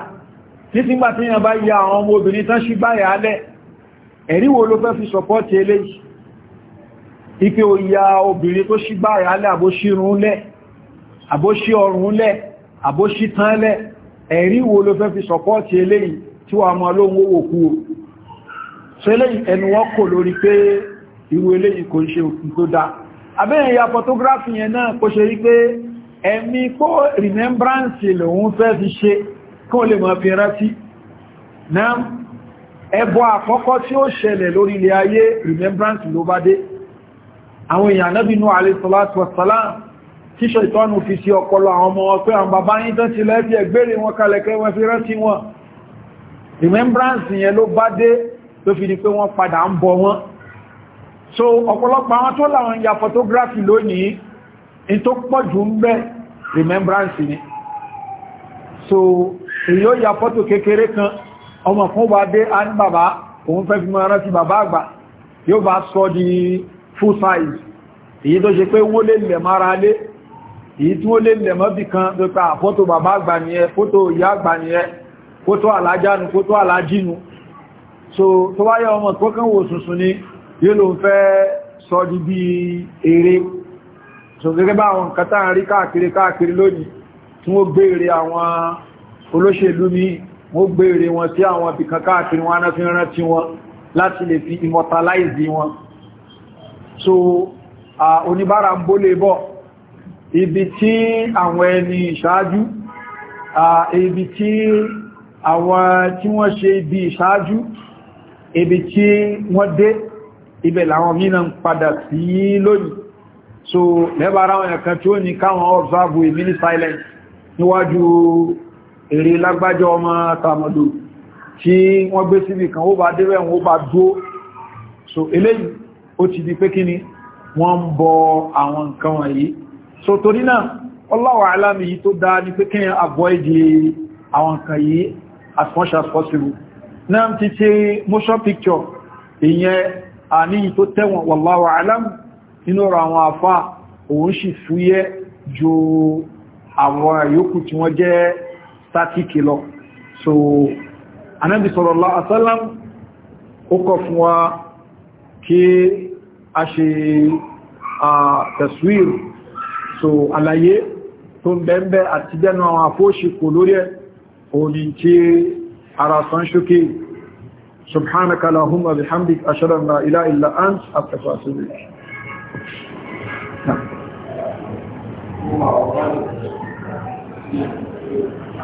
títí gbà tí yàn bá yà àwọn ọmọ obìnrin tán sí báyà alẹ́ ẹ̀rí ló fẹ́ fi sọpọ́tì eléyìí ipé o ya obìnrin tó sí báyà alẹ́ àbóṣírun lẹ́ àbóṣí ọrùn lẹ́ àbóṣí tán lẹ́ ẹ̀rí wo ló fẹ́ fi sọpọ́tì eléyìí tí wà mọ́ lóhun owó kú o so eléyìí ẹnu wọn kò lórí pé irú eléyìí kò ń òkú ya photography yẹn náà kó ṣe rí pé ẹ̀mí kó remembrance lòun fẹ́ fi ṣe kán le máa fi rántí náà ẹbọ àkọ́kọ́ tí ó ṣẹlẹ̀ lórí ilẹ̀ ayé remembrance ló bá dé àwọn èèyàn anábìnú àlèsọ́látọ̀ sàlám tíṣọ́ ìtọ́nù fi sí ọpọlọ àwọn ọmọ wọn pé àwọn bàbá yìí tán ti lẹ́ẹ̀fì ẹgbẹ́rẹ̀ wọn kalẹ̀kẹ́ wọn fi rántí wọn remembrance yẹn ló bá dé ló fi di pé wọ́n padà ń bọ wọn so ọ̀pọ̀lọpọ̀ àwọn tó láwọn ya photography lónìí in tó pọ̀jù ń bẹ remembrance ni so èyí ó ya fọ́tò kékeré kan ọmọ fún bá dé á ní bàbá òun fẹ́ fi mọ́ra ti bàbá àgbà yóò bá sọ di full size èyí tó ṣe pé wó lè lẹ̀ mara lé èyí tí wó lè lẹ̀ mọ́ bí kan tó pa fọ́tò bàbá àgbà nìyẹn fọ́tò ìyá àgbà nìyẹn fọ́tò alájánu fọ́tò alájínu so tó wáyé ọmọ tó kán wò sùnsùn ni yóò ló ń fẹ́ sọ di bí eré so gẹ́gẹ́ bá àwọn nǹkan tá à ń rí káàkiri káàkiri lónìí tí wọ́n gbé eré àwọn olóṣèlú ní wọ́n gbèrè wọn tí àwọn ibìkan káàkiri wọn aná fi rántí wọn láti lè fi immortalize wọn so oníbára ń bó lè bọ́ ibi tí àwọn ẹni ìṣáájú ibi tí àwọn tí wọ́n ṣe ibi ìṣáájú ibi tí wọ́n dé ibẹ̀ làwọn mìíràn ń padà sí lónìí so lẹ́bàá ara wọn ẹ̀kan tí ó ní káwọn observe a mini silence níwájú èrè lágbájọ ọmọ tàmàdù tí wọ́n gbé síbì kan ó bá débẹ̀ wọ́n bá dúó so eléyìí ó ti di pé kíni wọ́n ń bọ àwọn nǹkan wọ̀nyí so torí náà Allahu a'lam yìí tó dáa ní pé kí n avoid àwọn nǹkan yìí as much as possible náà ti ṣe motion picture ìyẹn àníyí tó tẹ́wọ̀n Wallahu a'lam nínú ọ̀rọ̀ àwọn àfá òun sì fúyẹ́ ju àwọn àyókù tí wọ́n jẹ́ sákìkì lọ so anábi sallallahu alaihi wasallam ó kọ fún wa kí a ṣe taswir so àlàyé tó ń bẹ̀m̀bẹ̀ àti dẹ́nu àwọn àfóṣìkò lórí ẹ̀ òní tí ara san ṣókè سبحانك اللهم وبحمدك اشهد ان لا اله الا Thank you.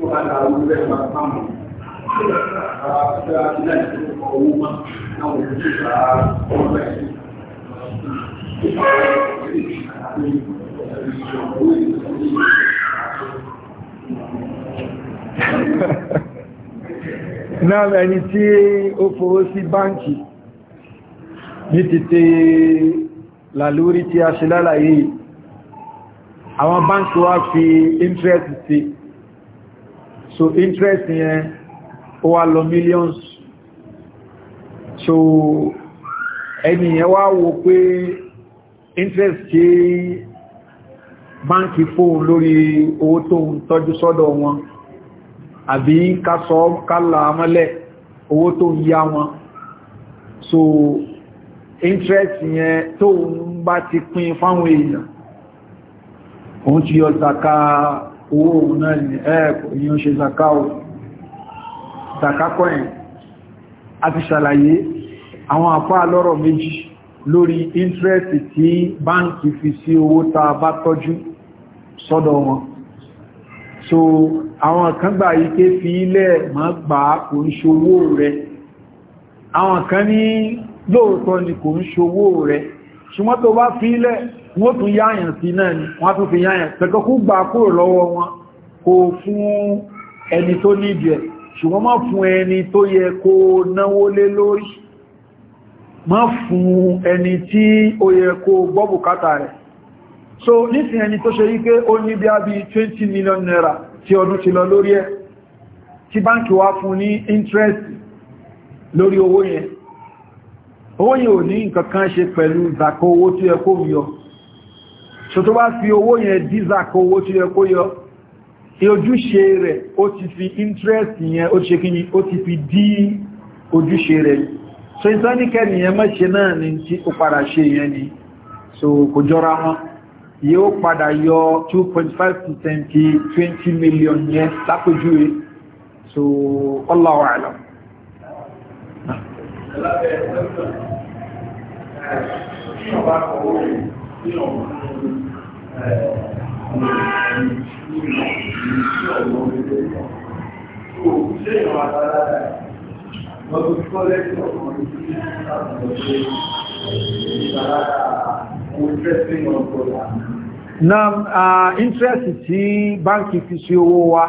ko ana wuri da makamman a da ina da kowa ma na náà ẹni tí ó fowó sí báǹkì ní títí lálórí tí a ṣe lálàyé àwọn báǹkì wá fi interest sí so interest yẹn o wa lọ millions so ẹni yẹn wá wo pé interest tí báńkì fóun lórí owó tó ń tọ́jú sọ́dọ̀ wọn àbí ká sọ kálà mọ́lẹ̀ owó tó ń yá wọn so interest yẹn tó ń bá ti pin fáwọn èèyàn òun ti yọ zaka owó òun náà ní ẹ́ẹ̀kọ́ yíò ṣe zakáwò zakákọ́yìn a ti ṣàlàyé àwọn àpá lọ́rọ̀ méjì lórí interest tí báńkì fi sí owó tá a bá tọ́jú sọ́dọ̀ wọn so àwọn kan gbà fi ilẹ̀ mọ́ gbà kò ń ṣowó rẹ̀ àwọn kan ní lóòótọ́ ni kò ń ṣowó rẹ̀ ṣùgbọ́n tó bá fi ilẹ̀ wọ́n tún yáyàn sí náà ni wọ́n tún fi yáyàn pẹ̀kọ́ kú gbà kúrò lọ́wọ́ wọn kò fún ẹni tó níbi ẹ̀ ṣùgbọ́n má fún ẹni tó yẹ kó náwó lé lórí má fún ẹni tí ó yẹ kó gbọ́ bùkátà rẹ̀ so nísìn ẹni tó ṣe yí pé ó ní bí á bí 20 million naira tí ọdún ti lọ lórí ẹ̀ tí báńkì wá fún ní interest lórí owó yẹn owó yẹn ò ní nǹkan kan ṣe pẹ̀lú ìzàkọ owó tí ẹ kó yọ so tó bá fi owó yẹn dízàkọ owó tí yẹ kó yọ ojúṣe rẹ̀ ó ti fi interest yẹn o ti ṣe kí ni ó ti fi dí ojúṣe rẹ̀ so ìsáníkẹ́ nìyẹn mẹ́ṣe náà ni tí ó padà ṣe yẹn ni so kò jọra wọn yóò padà yọ 2.5% ti 20 million yẹn lápójúwe so Allahu a'lam Thank you. tí ọ̀rọ̀ Lọ́dún kọ́lẹ́tì ọ̀pọ̀lọpọ̀ ní láti lọ sí ìsàrá òjẹ́sìn ọ̀pọ̀lọpọ̀. wa,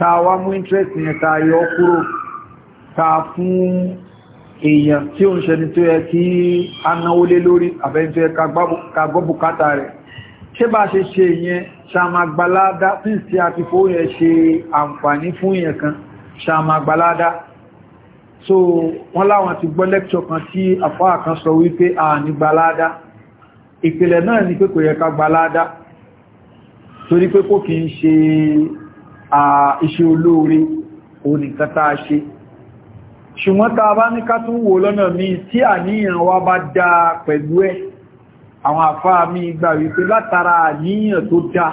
tàwa interest ìntírẹ́sì yẹn tàyọ kuro. Ta fun èèyàn tí ó ń ṣẹni tó yẹ kí a náwó lé lórí àbẹ́ni tó yẹ ká gbọ́ bùkátà rẹ̀ ṣé bá ṣe ṣe ìyẹn ṣàmàgbàládá tí sí àti fó yẹ ṣe àǹfààní fún ìyẹn kan ṣàmàgbàládá so wọ́n láwọn ti gbọ́ lẹ́kṣọ́ kan tí àfáà kan sọ wípé a ní gbàládá ìpìlẹ̀ náà ni pé kò yẹ ká gbàládá torí pé kò kí ń ṣe iṣẹ́ olóore òun nìkan tá a ṣe ṣùgbọ́n ta bá ní ká tún wò lọ́nà mi tí àníyàn wa bá dá pẹ̀lú ẹ̀ àwọn àfá mi gbà wípé látara àníyàn tó dá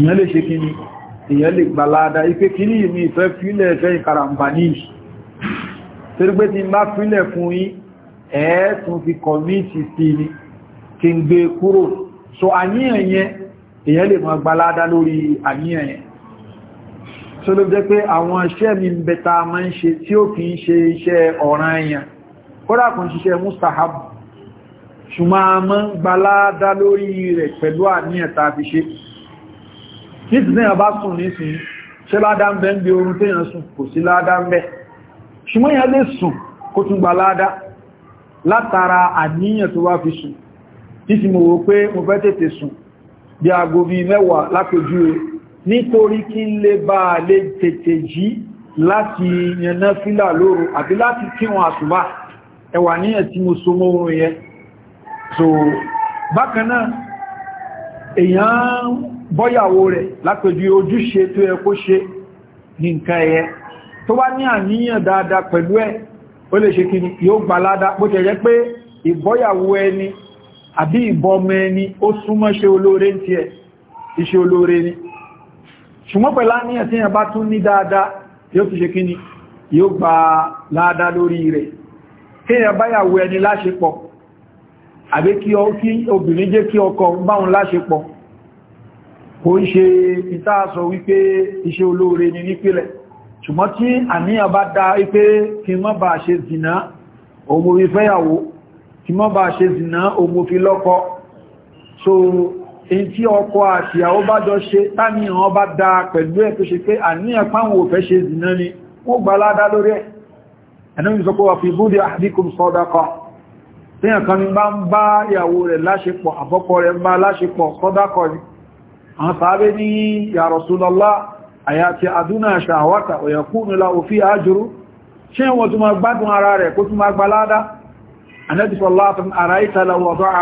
ìyàn lè ṣe kíni ìyàn lè gbà láadá ipé kíní mi ìfẹ́ fílẹ̀ ẹ̀fẹ́ ìkarambà ní torípé ti má fílẹ̀ fún yí ẹ̀ẹ́tún fi kọ̀míìtì so àníyàn yẹn ìyàn lè mọ́ gbà láadá lórí àníyàn tó ló jẹ́ pé àwọn iṣẹ́ mi ń bẹta ma ń ṣe tí ó fi ń ṣe iṣẹ́ ọ̀ràn ẹ̀yàn kódà kùn ṣiṣẹ́ mustahab ṣùgbọ́n mọ́ gbaládá lórí rẹ̀ pẹ̀lú àníyànta fi ṣe nítìsíyàn bá sùn nísìn ṣe ládá ń bẹ́ ń gbé orun àníyàn tó fi sùn bí aago bíi mẹ́wàá lápèjúwe nítorí kí n lè bá a lè tètè jí láti yẹnà fílà lóru àbí láti kí wọn àsùbá ẹwà ní ẹ̀tí mo so mọ́ oorun yẹn so bákanáà èyàn bọ́yàwó rẹ̀ lápẹjú ojúṣe tó yẹ kó ṣe ní nǹkan ẹ̀yẹ tó bá ní àníyàn dáadáa pẹ̀lú ẹ̀ ó lè ṣe kí ni yóò gbà ládá bó tẹ̀ pé ìbọ́yàwó ẹni àbí ìbọmọ ẹni ó súnmọ́ ṣe olóore ń tiẹ̀ iṣẹ́ olóore ni ṣùgbọ́n pẹ̀lá ní ẹ̀sìn ẹ̀bá tún ní dáadáa yóò fi ṣe kíni yóò gba láadá lórí rẹ̀ kí ẹ̀bá yàwó ẹni láṣepọ̀ àbí kí obìnrin jẹ́ kí ọkọ báhun láṣepọ̀ kò ń ṣe ìtaàsọ wípé iṣẹ́ olóore ni nípìlẹ̀ ṣùgbọ́n tí àníyàn bá dá wípé kí mọ́ bá ṣe zìnà òmò fi fẹ́yàwó so èyí tí ọkọ àti ìyàwó bá jọ ṣe táníyàn bá dá pẹ̀lú ẹ̀ tó ṣe pé àníyàn páwọn òfẹ́ ṣe zìnà ni wọ́n gbà ládá lórí ẹ̀ ẹ̀nàmì sọ pé wà fi búdí àdíkùn sọ́dákọ́ tíyàn kan ní bá ń bá ìyàwó rẹ̀ láṣepọ̀ àbọ́kọ rẹ̀ ń bá láṣepọ̀ sọ́dákọ́ ni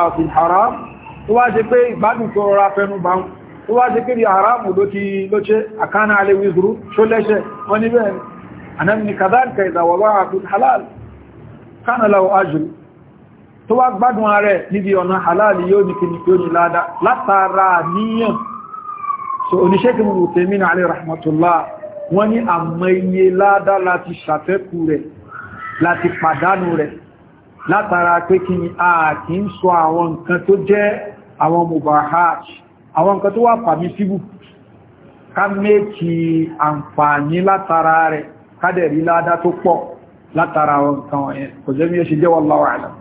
àwọn sàábé tó wá ṣe pé ìgbádùn tó rọra fẹnu bá wọn tó wá ṣe pé rí àrámù ló ti lóṣe àkánà alẹ́ wíṣúrú ṣó lẹ́ṣẹ̀ wọ́n níbẹ̀ anamni kàdáǹkà ìzàwọ̀wọ́ àkùn halal kánà láwọ́ ajùrù tó wá gbádùn ààrẹ níbi ọ̀nà halal yóò ní kí ní kí ó ní ládá látara níyàn so oníṣẹ́kì mú tèmín alẹ́ rahmatullah wọ́n ní àmọ́ iye ládá láti ṣàfẹ́kù rẹ̀ láti pàdánù rẹ̀ látara pé kí ni a kì sọ àwọn nǹkan tó jẹ́ àwọn mubahaj àwọn nǹkan tó wà pàmísíbù ká méjì àǹfààní látara rẹ̀ kádẹ̀rí ládá tó pọ̀ látara àwọn nǹkan wọ̀nyẹn kò jẹ́ bí ó ṣe jẹ́ wallahu a'lam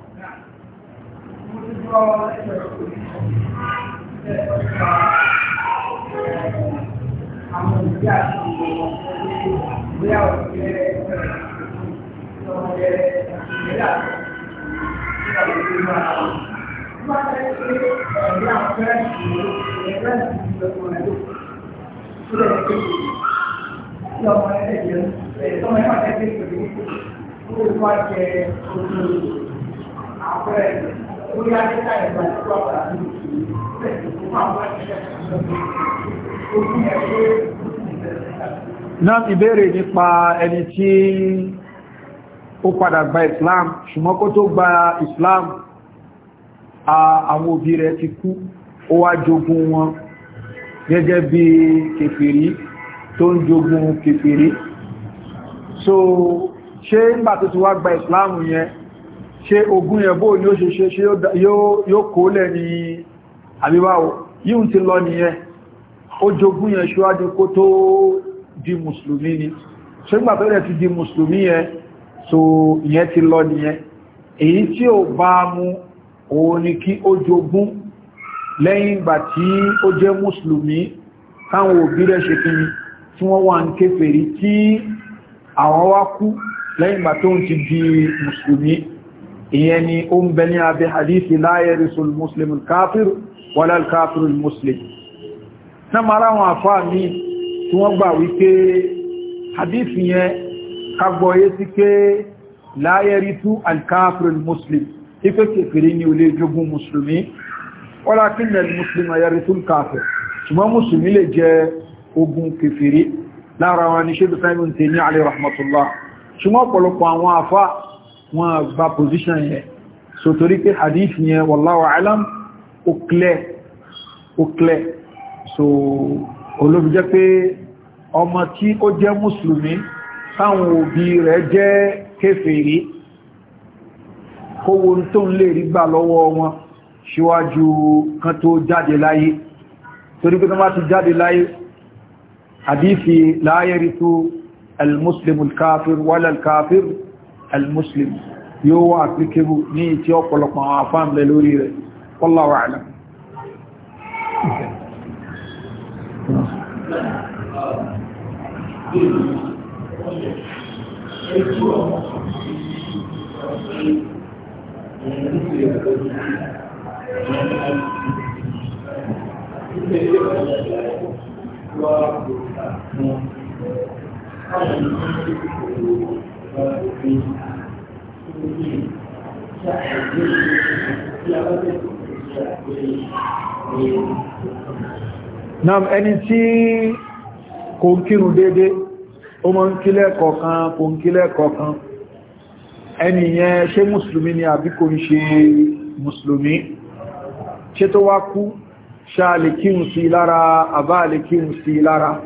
Thank náà ìbéèrè nípa ẹni tí ó padà gba Islam ṣùgbọ́n kó tó gba Islam àwọn òbí rẹ̀ ti kú ó wá jogún wọn gẹ́gẹ́ bí kèfèrí tó ń jogún kèfèrí so ṣé nígbà tó ti wá gba ìsìláàmù yẹn ṣé ogún yẹn bóò ni ó ṣe ṣe ṣe yóò kó lẹ̀ ní àbíwáwò yíò ti lọ nìyẹn ó jogún yẹn ṣíwájú kó tó di mùsùlùmí ni ṣe nígbà tó rẹ̀ ti di mùsùlùmí yẹn so ìyẹn ti lọ nìyẹn èyí tí ò bá mú òun ni kí ó jogún lẹ́yìn ìgbà tí ó jẹ́ mùsùlùmí táwọn òbí rẹ̀ ṣe kíni tí wọ́n wà ń kéfèrí tí àwọn wá kú lẹ́yìn ìgbà tó ń ti di mùsùlùmí ìyẹn ni ó ń bẹ ní abẹ́ hadithi la yarisul muslim al-kafir wala al muslim náà mara wọn àfáà mi tí wọ́n hadithi yẹn kagbọ́yé sí pé al-kafir muslim ife kèfèrè ní olè jogun musulmi wọ́la kí nẹ̀ musulmi ayari tún káfẹ̀ ṣùgbọ́n musulmi lè jẹ ogun kèfèrè lára wọn ni ṣébí simon tè ní alẹ́ rahmatullah ṣùgbọ́n ọ̀pọ̀lọpọ̀ àwọn afá wọn gba position yẹn so torí pé hadith yẹn wallahu alam ó clear táwọn òbí rẹ̀ jẹ́ kèfèrè kówó tó ń lè rí gbà lọ́wọ́ wọn ṣíwájú kan tó jáde láyé torí pé kọ́má ti jáde láyé hadithi la yarithu al-muslim al-kafir wala al-kafir al-muslim yóò wà àplikébù ní tí ọ̀pọ̀lọpọ̀ àwọn afáàmì lórí rẹ̀ Thank you. Nam ẹni tí kò ń kírun déédéé, ó mọ́ ń kílẹ̀ kọ̀ọ̀kan, kò ń kílẹ̀ kọ̀ọ̀kan ẹniyàn ṣe musulmi ni àbí kò ń ṣe musulmi ṣe tó wá kú ṣá lè sí lára àbá lè sí lára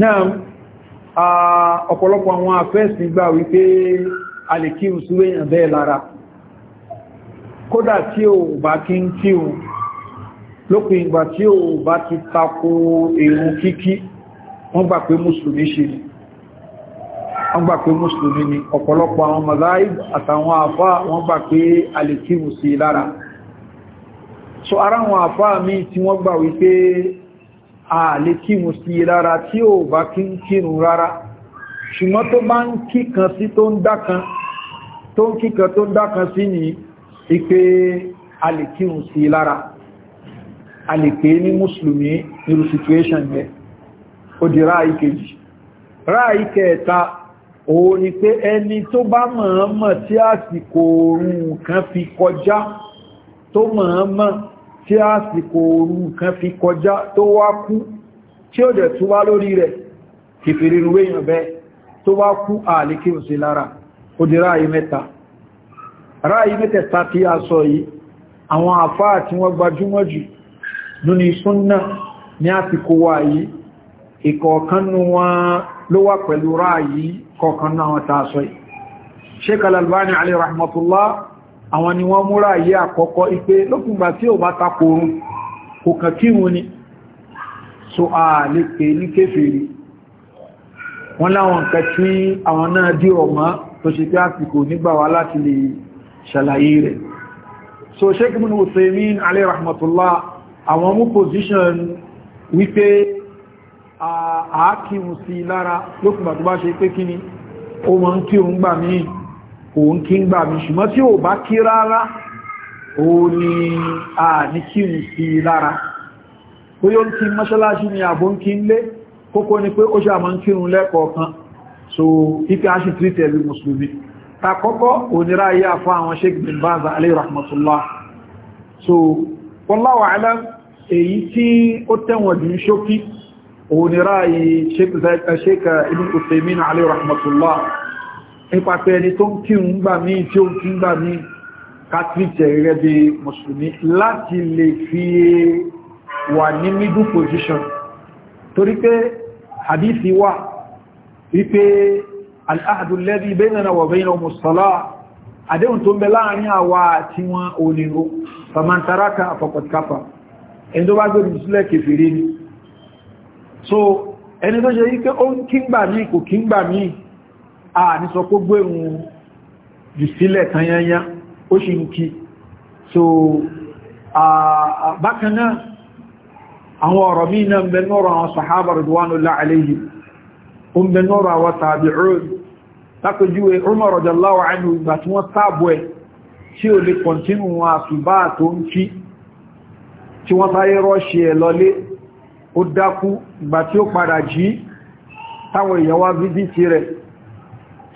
náà ọ̀pọ̀lọpọ̀ àwọn afẹ́sì gbà wípé a lè kírun sí wéyàn bẹ́ẹ̀ lára kódà tí ò bá kí ń kírun lópin ìgbà tí ò bá ti tako èrò kíkí wọ́n gbà pé musulmi ṣe ni wọ́n gbà pé mùsùlùmí ni ọ̀pọ̀lọpọ̀ àwọn mazahib àtàwọn àfá wọ́n gbà pé alìkíwù sí lára so ara àwọn àfá mi tí wọ́n gbà wípé alìkíwù sí lára tí ó bá kí ń kírun rárá ṣùgbọ́n tó bá ń kíkan sí tó ń dákan tó ń kíkan tó ń dákan sí ni ipé alìkíwù sí lára alìpé ní mùsùlùmí nírú situation yẹ ó di ráà ìkejì ráà ìkẹta òun ni pé ẹni tó bá mọ̀ọ́mọ̀ tí àsìkò oòrùn kan fi kọjá tó mọ̀ọ́mọ̀ tí àsìkò oòrùn kan fi kọjá tó wá kú tí ó dẹ̀ tó wá lórí rẹ̀ kìfèrè ìrúwé èèyàn bẹ́ẹ̀ tó wá kú àlékí òsì lára ó di ráàyí mẹ́ta ráàyí mẹ́tẹ̀ta tí a sọ yìí àwọn àfáà tí wọ́n gbajúmọ̀ jù nínú ìsúnnà ní àsìkò wà yìí ìkọ̀ọ̀kan nínú wọn ló wá pẹ̀lú ráàyí kọ̀ọ̀kan náà wọ́n tàà sọ Sheikh Al-Albani alayhi rahmatullah àwọn ni wọ́n mú ráàyí àkọ́kọ́ ipé lókùngbà tí ó bá takorun kò kàn kí wọn ni so a lè pè ní kéfèrí wọ́n láwọn nǹkan tí àwọn náà dí ọmọ tó ṣe pé àsìkò nígbà àákìrùn sí lára lókùnbà tó bá ṣe pé kí ni o ma ń kírùn gbà mí òun kí ń gbà mí ṣùgbọ́n tí ò bá kí rárá o ni a ní kírùn sí lára ó yóò kí mọ́ṣálásí ni àbó ń kí ń lé kókó ni pé ó ṣàmọ́ ń kírùn lẹ́kọ̀ọ̀kan so ipe aṣì tírítẹ̀ bí mùsùlùmí takọ́kọ́ onírá ayé àfọ́ àwọn sheikh bin baz alayhi rahmatullah so wallahu a'lam èyí tí ó tẹ̀wọ̀n jù ń ṣókí òun ni ráyí ṣéka eh, eh, ibn Uthaymeen alayhi rahmatullah nípasẹ̀ ẹni tó ń kí ń gbà mí tí ó ń kí ń gbà mí kátìtẹ̀ rẹ̀ bí mùsùlùmí láti lè fi wà ní middle position torí pé hadithi wà wípé al-ahdu alladhi baynana wa àdéhùn tó ń bẹ láàrin àwa tí wọ́n onírò so ẹni tó ṣe yí pé ó ń kíngbà ní kò kíngbà ní à ní sọ pé gbẹ̀rún jù sílẹ̀ tanyanya ó ṣe ń kí so bákan náà àwọn ọ̀rọ̀ mí náà ń bẹ nọ́rọ̀ àwọn sahaba radwanullahi alayhim ó ń bẹ nọ́rọ̀ àwọn tabi'un lápẹjúwe Umar radiyallahu anhu ìgbà tí wọ́n sáàbù ẹ̀ tí ó lè kọ̀ntínú wọn àfibá tó ń kí tí wọ́n sáré rọ́ṣe ó dákú ìgbà tí ó padà jí táwọn èèyàn wá fídíìtì rẹ̀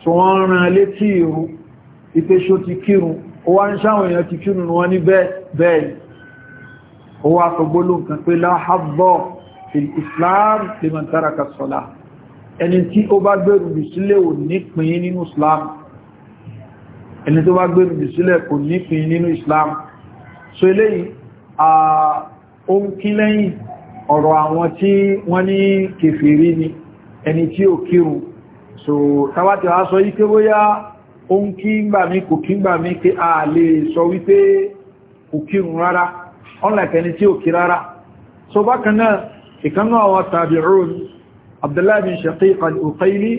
tí wọ́n rán létí ìrun ìpéṣó ti kírun ó wá ń sáwọn èèyàn ti kírun wọn ní bẹ́ẹ̀ ó wá fọgbóló nǹkan pé láhábọ̀ islam liman taraka sọ́lá ẹni tí ó bá gbẹ̀rù bì islam ẹni tó bá gbẹ̀rù bì sílẹ̀ kò islam so eléyìí ohun ọ̀rọ̀ àwọn tí wọ́n ní kèfèrí ni ẹni tí ó kírun so tàwátí wá sọ yíké bóyá ó ń kí ń gbà mí kò kí ń gbà mí kí a lè sọ wípé kò kírun rárá unlike ẹni tí ó kí rárá so bákan náà ìkanú àwọn tabi'un abdullahi bin shaqiq al-uqayli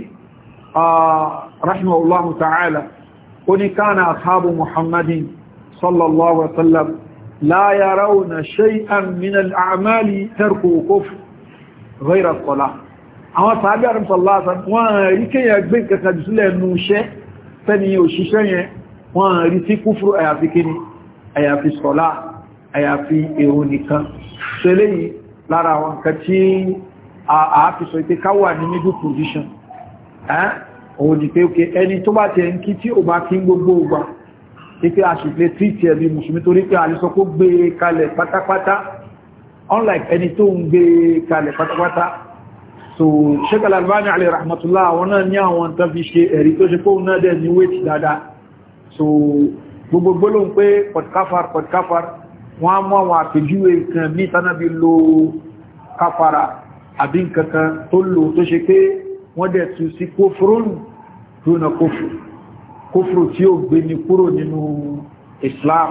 rahimahullahu ta'ala ó ní kánà la yarawna shay'an min al-a'mali tarku kuf ghayra as-salah àwọn sahabi arim sallallahu alaihi wasallam rí ke ya gbé nǹkan kan sílẹ̀ nu iṣẹ́ tani ó ṣiṣẹ́ yẹn wọ́n rí tí kufru àyàfi kíni àyàfi salah àyàfi ehun nìkan ṣẹlẹ̀ lára àwọn kan tí a fi sọ pé ká wà ní middle position eh ó ní pé okay ẹni tó bá ti en ki tí ó bá kin gbogbo ìgbà ipé aṣìlẹ̀ títì ẹ̀bí musulmi torí pé àlìsọ kó gbé e kalẹ̀ pátápátá unlike ẹni tó ń gbé e kalẹ̀ pátápátá so Sheikh Al-Albani alayhi rahmatullah àwọn náà ní àwọn tán fi ṣe ẹ̀rí tó ṣe kóhun náà dẹ̀ ní wéètì dáadáa so gbogbo gbólóhùn pé pọ̀tkafar pọ̀tkafar wọ́n á mú àwọn àpèjúwe nǹkan ní tánàbí lo káfara àbí nǹkan kan tó lò tó ṣe pé wọ́n dẹ̀ tún sí kófúrónù dúnà kófúrónù kófòrò tí ó gbé ní kúrò nínú islam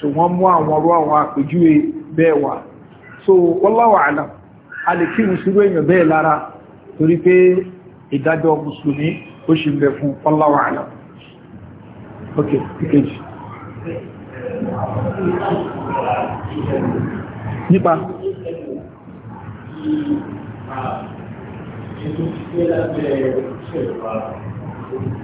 so wọ́n mú àwọn ọrọ̀ àwọn àpèjúwe bẹ́ẹ̀ wà so wallahu alam a lè kí mùsùlùmí èèyàn bẹ́ẹ̀ lára torí pé ìdájọ́ mùsùlùmí ó ṣì ń fún wallahu alam ok ìkejì nípa Thank you.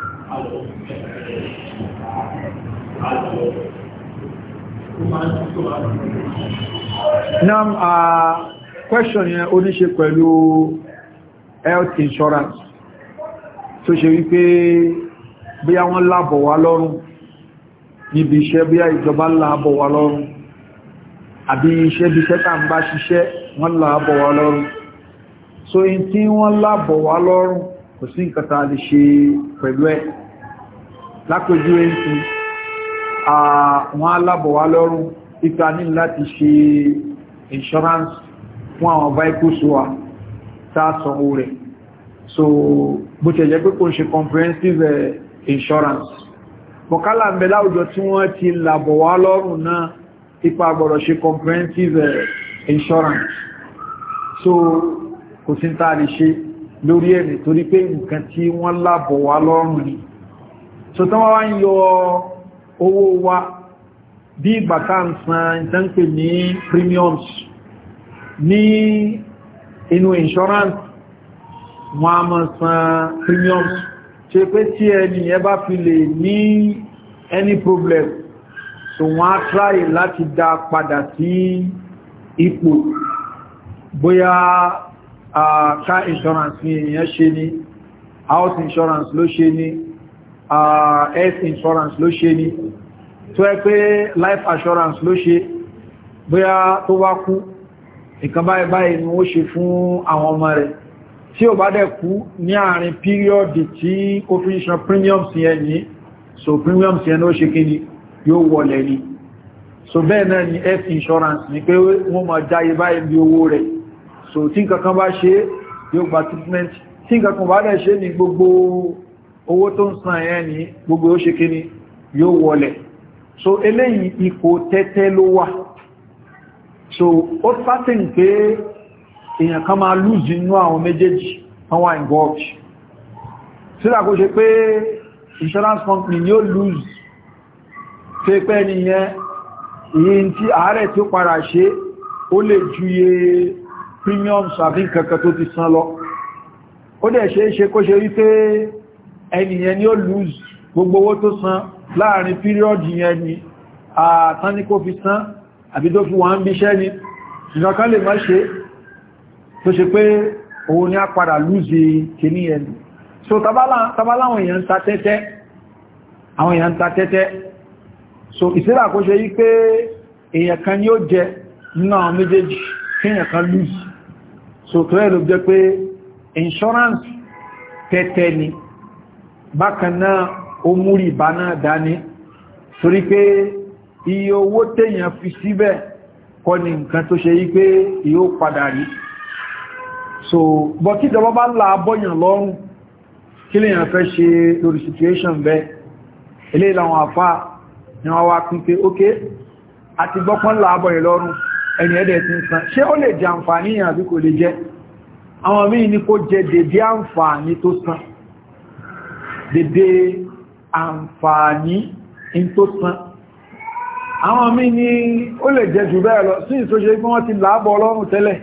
Nam a question yẹn ó ní pẹ̀lú health insurance tó ṣe wípé bí àwọn lábọ̀ wá lọ́rùn níbi iṣẹ́ bí a ìjọba lábọ̀ wá lọ́rùn àbí iṣẹ́ bí iṣẹ́ tàà ń bá ṣiṣẹ́ wọ́n lábọ̀ wá lọ́rùn so in tí wọ́n lábọ̀ wá lọ́rùn kò sí nǹkan tá lè ṣe pẹ̀lú ẹ̀ lápẹjú ẹ̀ǹtì àwọn alábọ̀wá lọ́rùn ipa ní láti ṣe insurance fún àwọn vehicles wa tààsàn rẹ̀ so bó tẹ̀jẹ́ pé kò ṣe comprehensive eh, insurance mọ̀kálà ń bẹ láwùjọ tí wọ́n ti làbọ̀wá lọ́rùn náà ipa gbọ́dọ̀ ṣe comprehensive eh, insurance so kò sí ń tàà lè ṣe lórí ẹ̀mì torí pé nǹkan tí wọ́n làbọ̀wá lọ́rùn ni so tán wá ń yọ owó wa bí ìgbàká ń san ìtànkè ní premiums ní inú insurance wọ́n a mọ̀ san premiums ṣe pé tí ẹni ẹ bá fi lè ní any problem so wọ́n á try láti dá padà sí ipò bóyá ah, car insurance ni èèyàn ṣe ni house insurance ló ṣe ni Ah, health insurance ló ṣe ni tó ẹ pé life assurance ló ṣe bóyá tó wá kú nǹkan báyìí báyìí ni ó ṣe fún àwọn ọmọ rẹ̀ tí ó bá dẹ̀ kú ní àárín píríọ̀dì tí ó fi ṣan premium sí ẹni so premium sí ẹni ó ṣe kí ni yóò wọlé ni so bẹ́ẹ̀ náà ni health insurance ni pé wọ́n máa jáyé báyìí bí owó rẹ̀ so tí nǹkan kan bá ṣe yóò gba treatment tí nǹkan kan bá dẹ̀ ṣe ni gbogbo owó tó ń san ẹ̀ ní gbogbo ó ṣe kíní yóò wọlẹ̀ so eléyìí ipò tẹ́tẹ́ ló wà so ó sátìn pé èèyàn kan máa lùzì inú àwọn méjèèjì àwọn involved sílá kó ṣe pé insurance company ni ó lùzì pé pẹ́ nìyẹn èyí tí ààrẹ tí ó padà ṣe ó lè ju iye premiums àbí nǹkankan tó ti san lọ ó dẹ̀ ṣe é ṣe kó ṣe wípé ẹniyàn ni ó lose gbogbo owó tó san láàrin píríọ̀dì yẹn ni àtán ní kó fi san àbí tó fi wọ́n ń bíṣẹ́ ni ṣùgbọ́n kan lè má ṣe tó ṣe pé òun ni a padà lose kìíní yẹn ni so tabaláwọn èèyàn ta tẹ́tẹ́ àwọn èèyàn ta tẹ́tẹ́ so ìsẹ́lá kó ṣe yí pé èèyàn kan ni ó jẹ nínú àwọn méjèèjì kí èèyàn kan lose so tó ẹ̀ ló jẹ́ pé insurance tẹ́tẹ́ ni bákan náà ó múrí ìbá náà dání torí pé iye owó téèyàn fi síbẹ̀ kọ́ ni nǹkan tó ṣe yí pé yóò padà rí so bọ́ kí ìjọba bá la bọ́yàn lọ́rùn kí lèyàn fẹ́ ṣe lórí situation bẹ́ ilé ìlànà àfá ni wọ́n wá pín pé ókè àti gbọ́pọ́n la bọ́yàn lọ́rùn ẹni ẹ̀dẹ̀ ti ń san ṣé ó lè jẹ àǹfààní yàn àbí kò lè jẹ àwọn míì ní kó jẹ dèdé àǹfààní tó san dédé àǹfààní in tó san àwọn mí ní ó lè jẹ jù bẹ́ẹ̀ lọ sí ìsóṣe pé wọ́n ti láàbọ̀ ọlọ́run tẹ́lẹ̀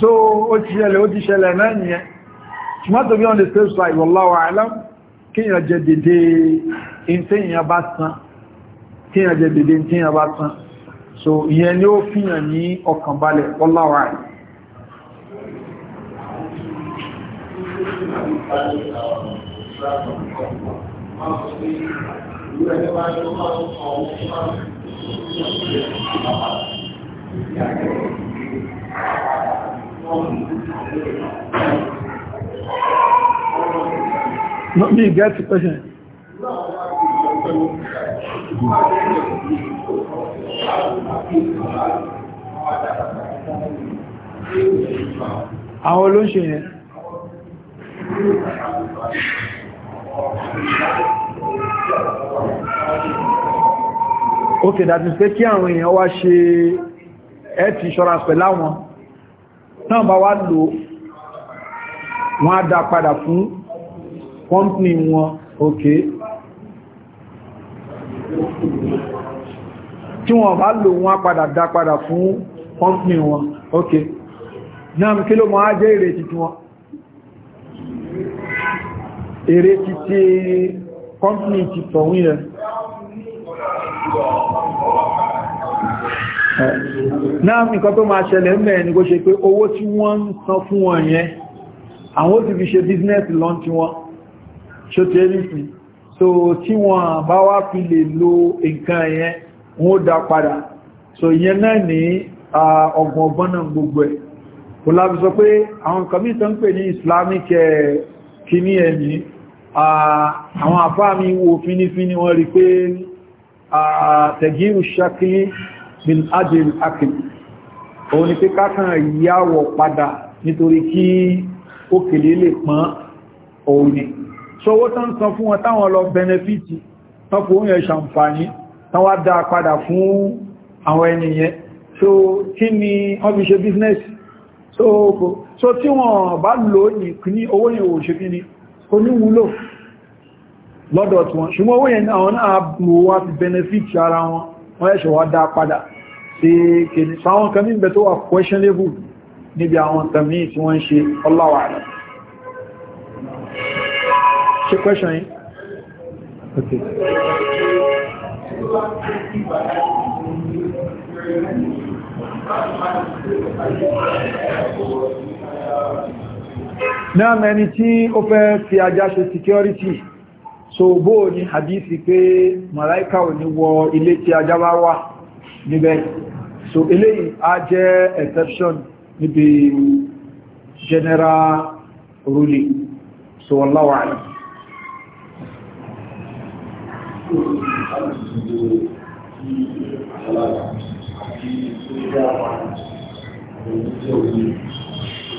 so ó ti ṣẹlẹ̀ ó ti ṣẹlẹ̀ náà nìyẹn ṣùgbọ́n tó bí on the safe side wallahu a'lam kíyàn jẹ dédé ìtẹ́yìn bá san kíyàn jẹ dédé ìtẹ́yìn bá san so ìyẹn ni ó fíyàn ní ọkàn Thank you. Not me, get the question. Àwọn olóṣèlú ok that means pé kí àwọn èèyàn wá ṣe health insurance pẹ̀lú àwọn náà bá wá lò wọ́n á dá padà fún company wọn ok tí wọ́n bá lò wọ́n á padà dá padà fún company wọn ok náà kí ló mọ́ á jẹ́ ìrètí tí èrè ti ti kọ́mpìnì ti tọ̀wí ẹ náà nìkan tó máa ṣẹlẹ̀ mẹ́ ní kó ṣe pé owó tí wọ́n ń san fún wọn yẹn àwọn ó ti fi ṣe business lọ́n tí wọ́n ṣó tí ẹlìsì so tí wọ́n bá wá fi lè lo nǹkan yẹn wọ́n dá padà so yẹn náà ní ọgbọ̀n ọgbọ́n náà gbogbo ẹ̀ kò lábi sọ pé àwọn kọmítàn pè ní islamic kìíní ẹ̀yìn àwọn àfáàmì wo fínífíní wọ́n rí pé tẹ̀gírù ṣakílì bin adil akil òun ni pé kákan ìyàwó padà nítorí kí òkèlè lè pán òun ni ṣọwọ́ tán san fún wọn táwọn lọ benefiti tán fún oúnjẹ ṣàǹfààní tán wá dáa padà fún àwọn ènìyàn so kí ni wọ́n fi ṣe business so tí wọ́n bá lò ní owó yìí ò oníwúlò lọ́dọ̀ tí wọ́n ṣùgbọ́n owó yẹn àwọn náà mú wá fi benefit ara wọn wọ́n ẹ̀ṣẹ̀ wá dá padà sí kìí sáwọn kan ní ìbẹ̀ tó wà questionable níbi àwọn tàmí tí wọ́n ń ṣe ọláwà rẹ̀ Thank you náà mẹ́ni tí ó fẹ́ fi ajá ṣe security so bó ní hadithi pé màláíkà ò ní wọ ilé tí ajá bá wà níbẹ̀ so eléyìí á jẹ́ exception níbi general ruling so wallahu a'lam Thank you.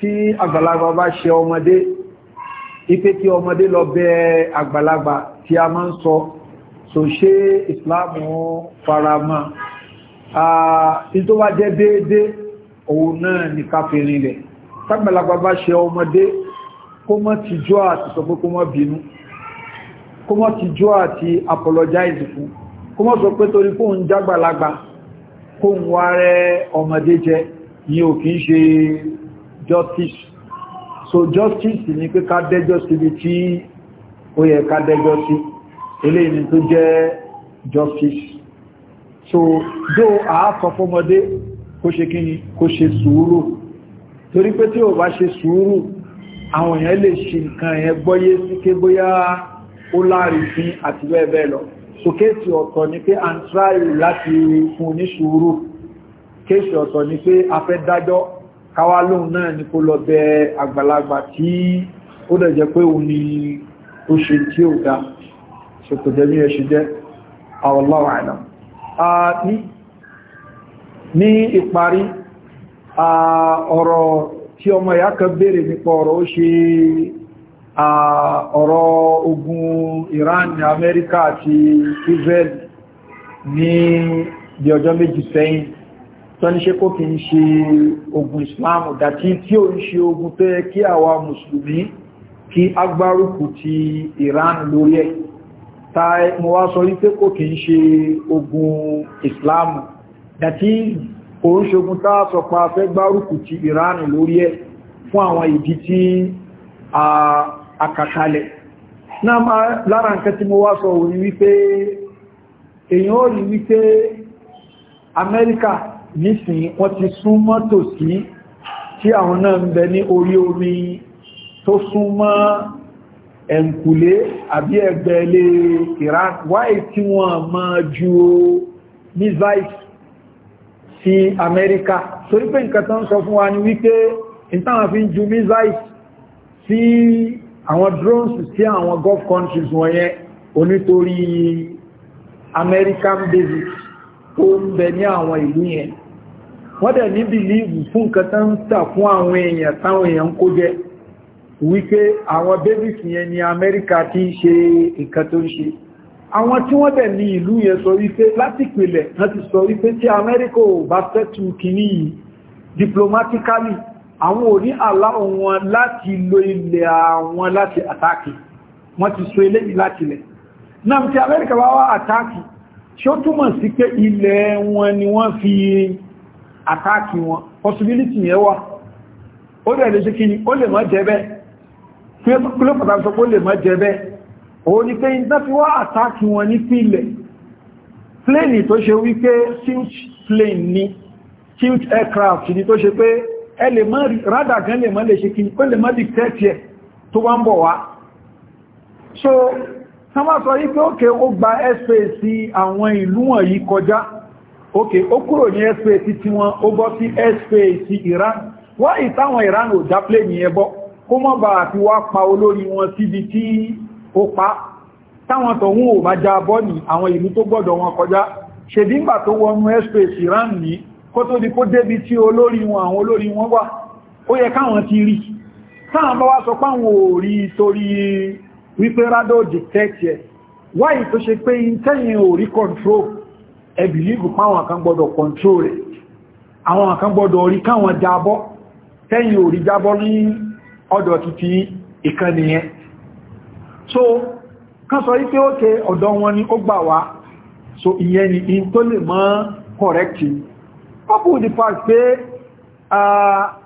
tí àgbàlagbà bá ṣe ọmọdé ipé tí ọmọdé lọ bẹ àgbàlagbà tí a máa ń sọ so ṣe ìsìláàmù farama ní tó bá jẹ́ déédé òun náà ní káfírin rẹ̀ tágbàlagbà bá ṣe ọmọdé kó mọ́ ti jọ́ àti sọ pé kó mọ́ bínú kó mọ́ ti jọ́ àti apologize fún kó mọ́ sọ pé torí kóhun jágbàlagbà kóhun wá rẹ ọmọdé jẹ ní òkín ṣe justice so justice ni pé ká dẹ́jọ́ síbi tí ó yẹ ká dẹ́jọ́ sí eléyìí ni tó jẹ́ justice so dó àákọ́ fọ́mọdé kó ṣe kí ni kó ṣe sùúrù torí pé tí ò bá ṣe sùúrù àwọn èèyàn lè ṣe nǹkan ẹ̀ gbọ́yé sí ké bóyá ó láàrin fín àti bẹ́ẹ̀ bẹ́ẹ̀ lọ so kéèsì ọ̀tọ̀ ni pé àǹtíráì láti fún ní sùúrù kéèsì ọ̀tọ̀ ni pé a dájọ́ káwá náà ni kó lọ bẹ àgbàlagbà tí ó dẹ̀ jẹ́ pé òun ni ó ṣe tí ó dá ṣètò jẹ́ ní ẹṣù jẹ́ Allahu a'lam ní ìparí ọ̀rọ̀ tí ọmọ ìyá kan béèrè nípa ọ̀rọ̀ ó ṣe ọ̀rọ̀ ogun Iran Amẹ́ríkà àti Israel ní bí ọjọ́ méjì sẹ́yìn tọ́ni ṣe kó kí n ṣe ogun islam dàtí tí ó ń ṣe ogun tó yẹ kí àwa mùsùlùmí kí agbárùkù ti iran lórí ẹ̀ ta mo wá sọ wípé kó kí n ṣe ogun islam dàtí kò ń ṣogun tá a sọ fẹ́ gbárùkù ti iran lórí ẹ̀ fún àwọn ìdí tí àkàkalẹ̀ náà lára nǹkan tí mo wá sọ wípé èèyàn ò rí wípé amẹ́ríkà nísìn wọ́n ti sún mọ́tò sí tí àwọn náà ń bẹ ní orí omi tó sún mọ́ ẹ̀ǹkùlé àbí ẹgbẹ́ ilé Iran wáyé tí wọ́n máa ju missiles sí Amẹ́ríkà torí pé nǹkan tán sọ fún wa ní wípé ìtàwọn fi ń ju missiles sí àwọn drones sí àwọn Gulf countries wọ̀nyẹn onítorí American basics tó ń bẹ ní àwọn ìlú yẹn wọ́n dẹ̀ ní bìlíìbù fún nǹkan tán ń tà fún àwọn èèyàn táwọn èèyàn kó jẹ wípé àwọn babies yẹn ní amẹ́ríkà tí ń ṣe nǹkan tó ń ṣe àwọn tí wọ́n dẹ̀ ní ìlú yẹn sọ wípé láti pìlẹ̀ wọ́n ti sọ wípé tí amẹ́ríkà ò bá fẹ́tù kìíní yìí diplomatically àwọn ò ní àlá wọn láti lo ilẹ̀ àwọn láti àtàkì wọ́n ti sọ eléyìí láti náà tí amẹ́ríkà bá wá àtàkì tí ó túmọ̀ sí pé ilẹ̀ wọn ni wọ́n fi àtàkì wọn possibility yẹn wà ó dẹ̀ lè ṣe kí ni ó lè má jẹ́ bẹ́ẹ̀ kí ló pàtàkì sọ pé ó lè má jẹ́ bẹ́ẹ̀ òun ni pé iná fi wá àtàkì wọn ní pílẹ̀ plane tó ṣe wípé tilt plane ni tilt aircraft ni tó ṣe pé ẹ lè má rádà gan lè má so tán bá sọ wípé òkè ó gba ẹ́spẹ̀sì àwọn ìlú wọ̀nyí kọjá òkè ó kúrò ní ẹ́spẹ̀sì tí wọ́n ó bọ́ sí ẹ́spẹ̀sì Iran wá ìtàwọn Iran ò dáplé ní ẹbọ́ kó mọ́ bá àti wá pa olórí wọn síbi tí ó pa táwọn tọ̀hún ò bá já bọ́ ní àwọn ìlú tó gbọ́dọ̀ wọn kọjá ṣèdíngbà tó wọnú ẹ́spẹ̀sì Iran ní kó tó di kó débi tí olórí wọn àwọn olórí wọn wà ó yẹ káwọn ti rí táwọn bá wá sọ páwọn ò rí torí wípé rádó detect yẹ wáyìí tó ṣe pé intẹ́yìn ò rí control ẹ̀bìlígù páwọn kan gbọ́dọ̀ control rẹ̀ àwọn kan gbọ́dọ̀ rí káwọn jábọ́ tẹ́yìn ò rí jábọ́ ní ọdọ̀ títí ìkànnì yẹn so kan sọ wípé ókè ọ̀dọ̀ wọn ni ó gbà wá so ìyẹn ni in tó lè mọ́ correct couple the fact pé ah,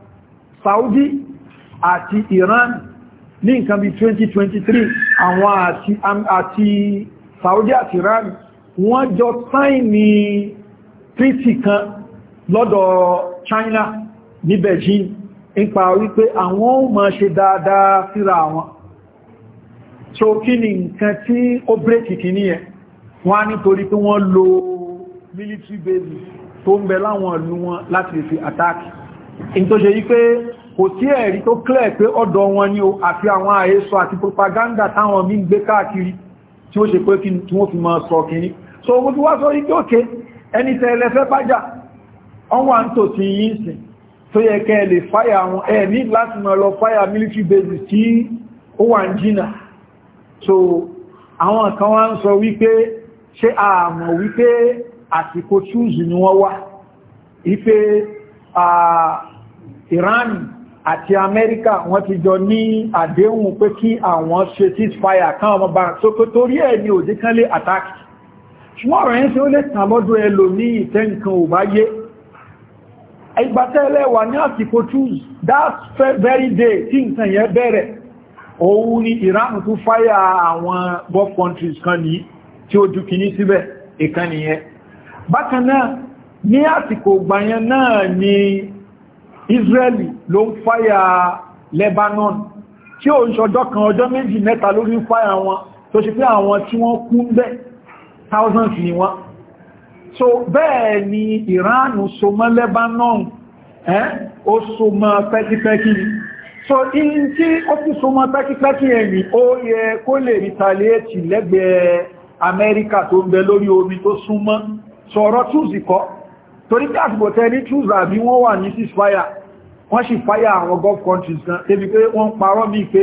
Saudi àti Iran ní nǹkan bí 2023 àwọn àti Saudi àti Iran wọ́n jọ sáìnì tríti kan lọ́dọ̀ China ní Beijing nípa wípé àwọn ó máa ṣe dáadáa síra wọn so kí ni nǹkan tí ó bírèkì kì ní ẹ̀ wọ́n nítorí pé wọ́n lo military base. tó ń bẹ láwọn ìlú wọn láti fi attack in tó ṣe yí pé kò tí ẹ̀rí tó clear pé ọ̀dọ̀ wọn ni o àti àwọn àhesọ àti propaganda táwọn mí ń gbé káàkiri tí ó ṣe pé kí wọ́n fi máa sọ kìíní so mo ti wá sọ rí pé òkè ẹni tẹ́ẹ̀lẹ́fẹ́ bájà ọwọ́ ń tò sí yìí sìn tó so àwọn kan wá ń sọ wípé ṣe àmọ̀ wípé àsìkò túùzù ah, Iran àti amẹ́ríkà wọ́n ti jọ ní àdéhùn pé kí àwọn ṣe ceasefire kan ọmọ bá so kò torí ẹ̀ ní òdí kan lé attack ṣùgbọ́n ọ̀rọ̀ yẹn tí ó lè tàn lọ́dún ẹ ní ìtẹ́ ò bá yé ìgbàtẹ́lẹ̀ wà ní àsìkò choose that very day tí nǹkan yẹn bẹ̀rẹ̀ òun Iran tún fire àwọn gulf countries kan ní tí ó ju kìíní síbẹ̀ ìkan nìyẹn bákan náà ní àsìkò ni Israeli ló ń fáyà Lebanon tí ó ń ṣọjọ́ kan ọjọ́ méjì mẹ́ta lórí fáyà wọn tó ṣe pé àwọn tí wọ́n kú ń bẹ́ thousands ni wọ́n so bẹ́ẹ̀ ni Iran so mọ́ Lebanon ẹ́ o so mọ́ pẹ́kipẹ́kí so in tí ó fi so mọ́ pẹ́kipẹ́kí ẹni ó yẹ kó lè retaliate lẹ́gbẹ̀ẹ́ Amẹ́ríkà tó ń bẹ lórí omi tó súnmọ́ sọ̀rọ̀ túnzìkọ́ so, torí pé àsìkò tẹ́ ní trúz àbí wọ́n wà ní ceasefire wọ́n sì fire àwọn gulf countries kan débi pé wọ́n parọ́ bí pé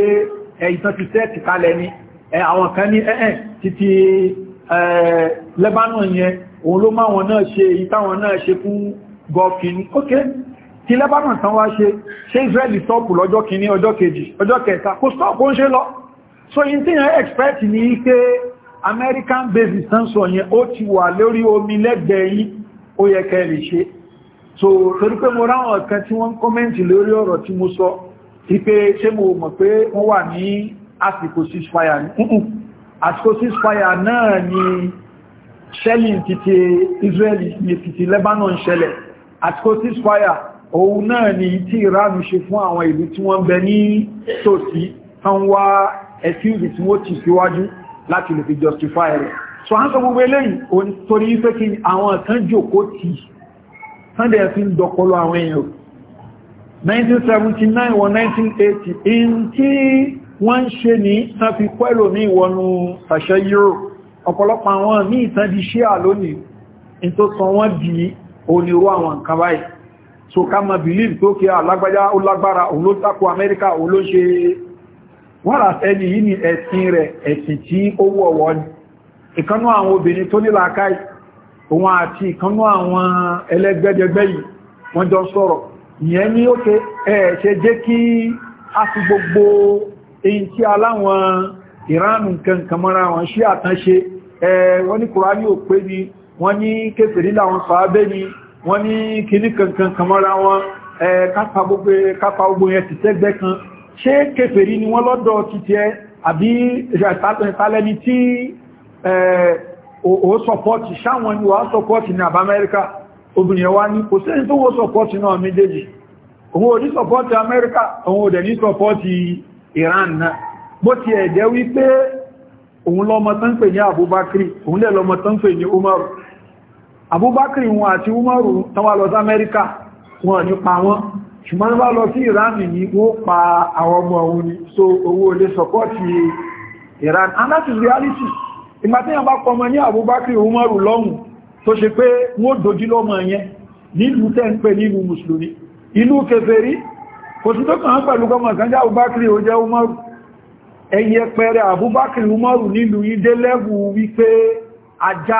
ìtàn ti tẹ́ ti kalẹ̀ ni àwọn kan ní ẹ̀ẹ́ títí Lebanon yẹn òun ló máa wọn náà ṣe èyí táwọn náà ṣe fún gulf kìíní ok tí so yìí tí yẹn expect ní American basis tán sọ yẹn ó ó yẹ kẹ́ lè ṣe so torí pé mo ráwọn ọ̀kan tí wọ́n kọ́mẹ́ntì lórí ọ̀rọ̀ tí mo sọ ipé ṣé mo mọ̀ pé wọ́n wà ní àsìkò ceasefire ní àsìkò ceasefire náà ni shelling títí Israeli ní títí Lebanon ṣẹlẹ̀ àsìkò ceasefire òun náà ni tí Iran ṣe fún àwọn ìlú tí wọ́n bẹ ní tòsí tán wá ẹ̀fíìlì tí wọ́n ti síwájú láti lè fi justify rẹ̀ so a ń sọ gbogbo eléyìí torí wípé kí àwọn kan jòkó tí sunday fi ń dọpọlọ àwọn èèyàn 1979 wọ 1980 in tí wọ́n ń ṣe ní tán fi pẹ́lò ní ìwọ̀nù àṣẹ euro ọ̀pọ̀lọpọ̀ àwọn ní ìtàn di ṣíà lónìí in tó sọ wọ́n di onírú àwọn nǹkan báyìí so ká mọ̀ believe tó kí alágbájá ó lágbára òun ló tako amẹ́ríkà òun ló ṣe wọ́n rà sẹ́ni yìí ni ẹ̀sìn rẹ̀ ẹ̀sìn tí ó wọ̀wọ́ ni ìkanú àwọn obìnrin tó nílà káì òun àti ìkanú àwọn ẹlẹ́gbẹ́jẹgbẹ́ yìí wọ́n jọ sọ̀rọ̀ ìyẹn ní ókè ẹ̀ ṣe jẹ́ kí a fi gbogbo èyí tí aláwọn ìránù kankan mọ́ra wọn ṣí àtánṣe ẹ̀ wọ́n ní kùránì ò pé ni wọ́n ní kéfèrí láwọn sàábẹ́ ni wọ́n ní kíní kankan kamọ́ra wọn ẹ̀ kápa gbogbo yẹn ti tẹ́gbẹ́ kan ṣé kéfèrí ni wọ́n lọ́dọ̀ ti àbí ìṣàtàlẹ́ni tí ó eh, sọpọ́tì sáwọn ni wà sọpọ́tì ní àbá obìnrin wá ní kò sẹ́ni tó wó sọpọ́tì náà méjèèjì òun ò ní sọpọ́tì amẹ́ríkà òun ò dẹ̀ ní sọpọ́tì iran náà bó ti ẹ̀jẹ́ wípé òun lọ́mọ tán pè ní abubakri òun lẹ́ lọ́mọ tán pè ní umaru abubakri wọn àti umaru tán wá lọ sí amẹ́ríkà pa wọn ìgbà tí yàn bá pọmọ ní àbúbákì umaru lọ́hùn tó ṣe pé wọ́n dojú lọ́mọ yẹn nílùú tẹ́ ń pè nílùú mùsùlùmí ìlú kèfèrí kò sí tó kàn án pẹ̀lú gọmọ ìsànjá àbúbákì ó jẹ́ umaru ẹ̀yẹ pẹ̀rẹ àbúbákì umaru nílùú ìdé lẹ́bù wípé ajá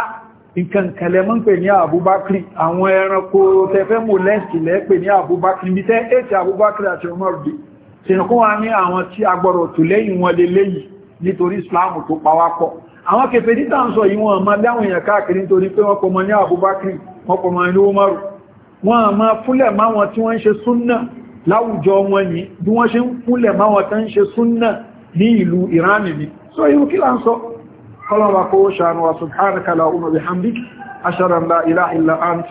ìkànkẹ̀lẹ̀ mọ́ ń pè ní àbúbákì àwọn ẹranko tẹfẹ́ mò lẹ́sì lẹ́pẹ̀ ní àbúbákì ibi tẹ́ ètì àbúbákì àti umaru dì sínú kún wa nítorí islam tó pawápọ̀ àwọn kèfè dítà ń sọ yìí wọn ma dáwọn èèyàn káàkiri nítorí pé wọ́n pọmọ ní àbúbákiri wọ́n pọmọ ní Umaru wọ́n ma fúnlẹ̀ máwọn tí wọ́n ń ṣe súnnà láwùjọ wọn yìí bí wọ́n ṣe ń fúnlẹ̀ máwọn tán ń ṣe súnnà ní ìlú Iran so irú kí là ń sọ kọlọ̀wà kó ṣàánú wa subhanaka lahumma bihamdik ashara la ilaha illa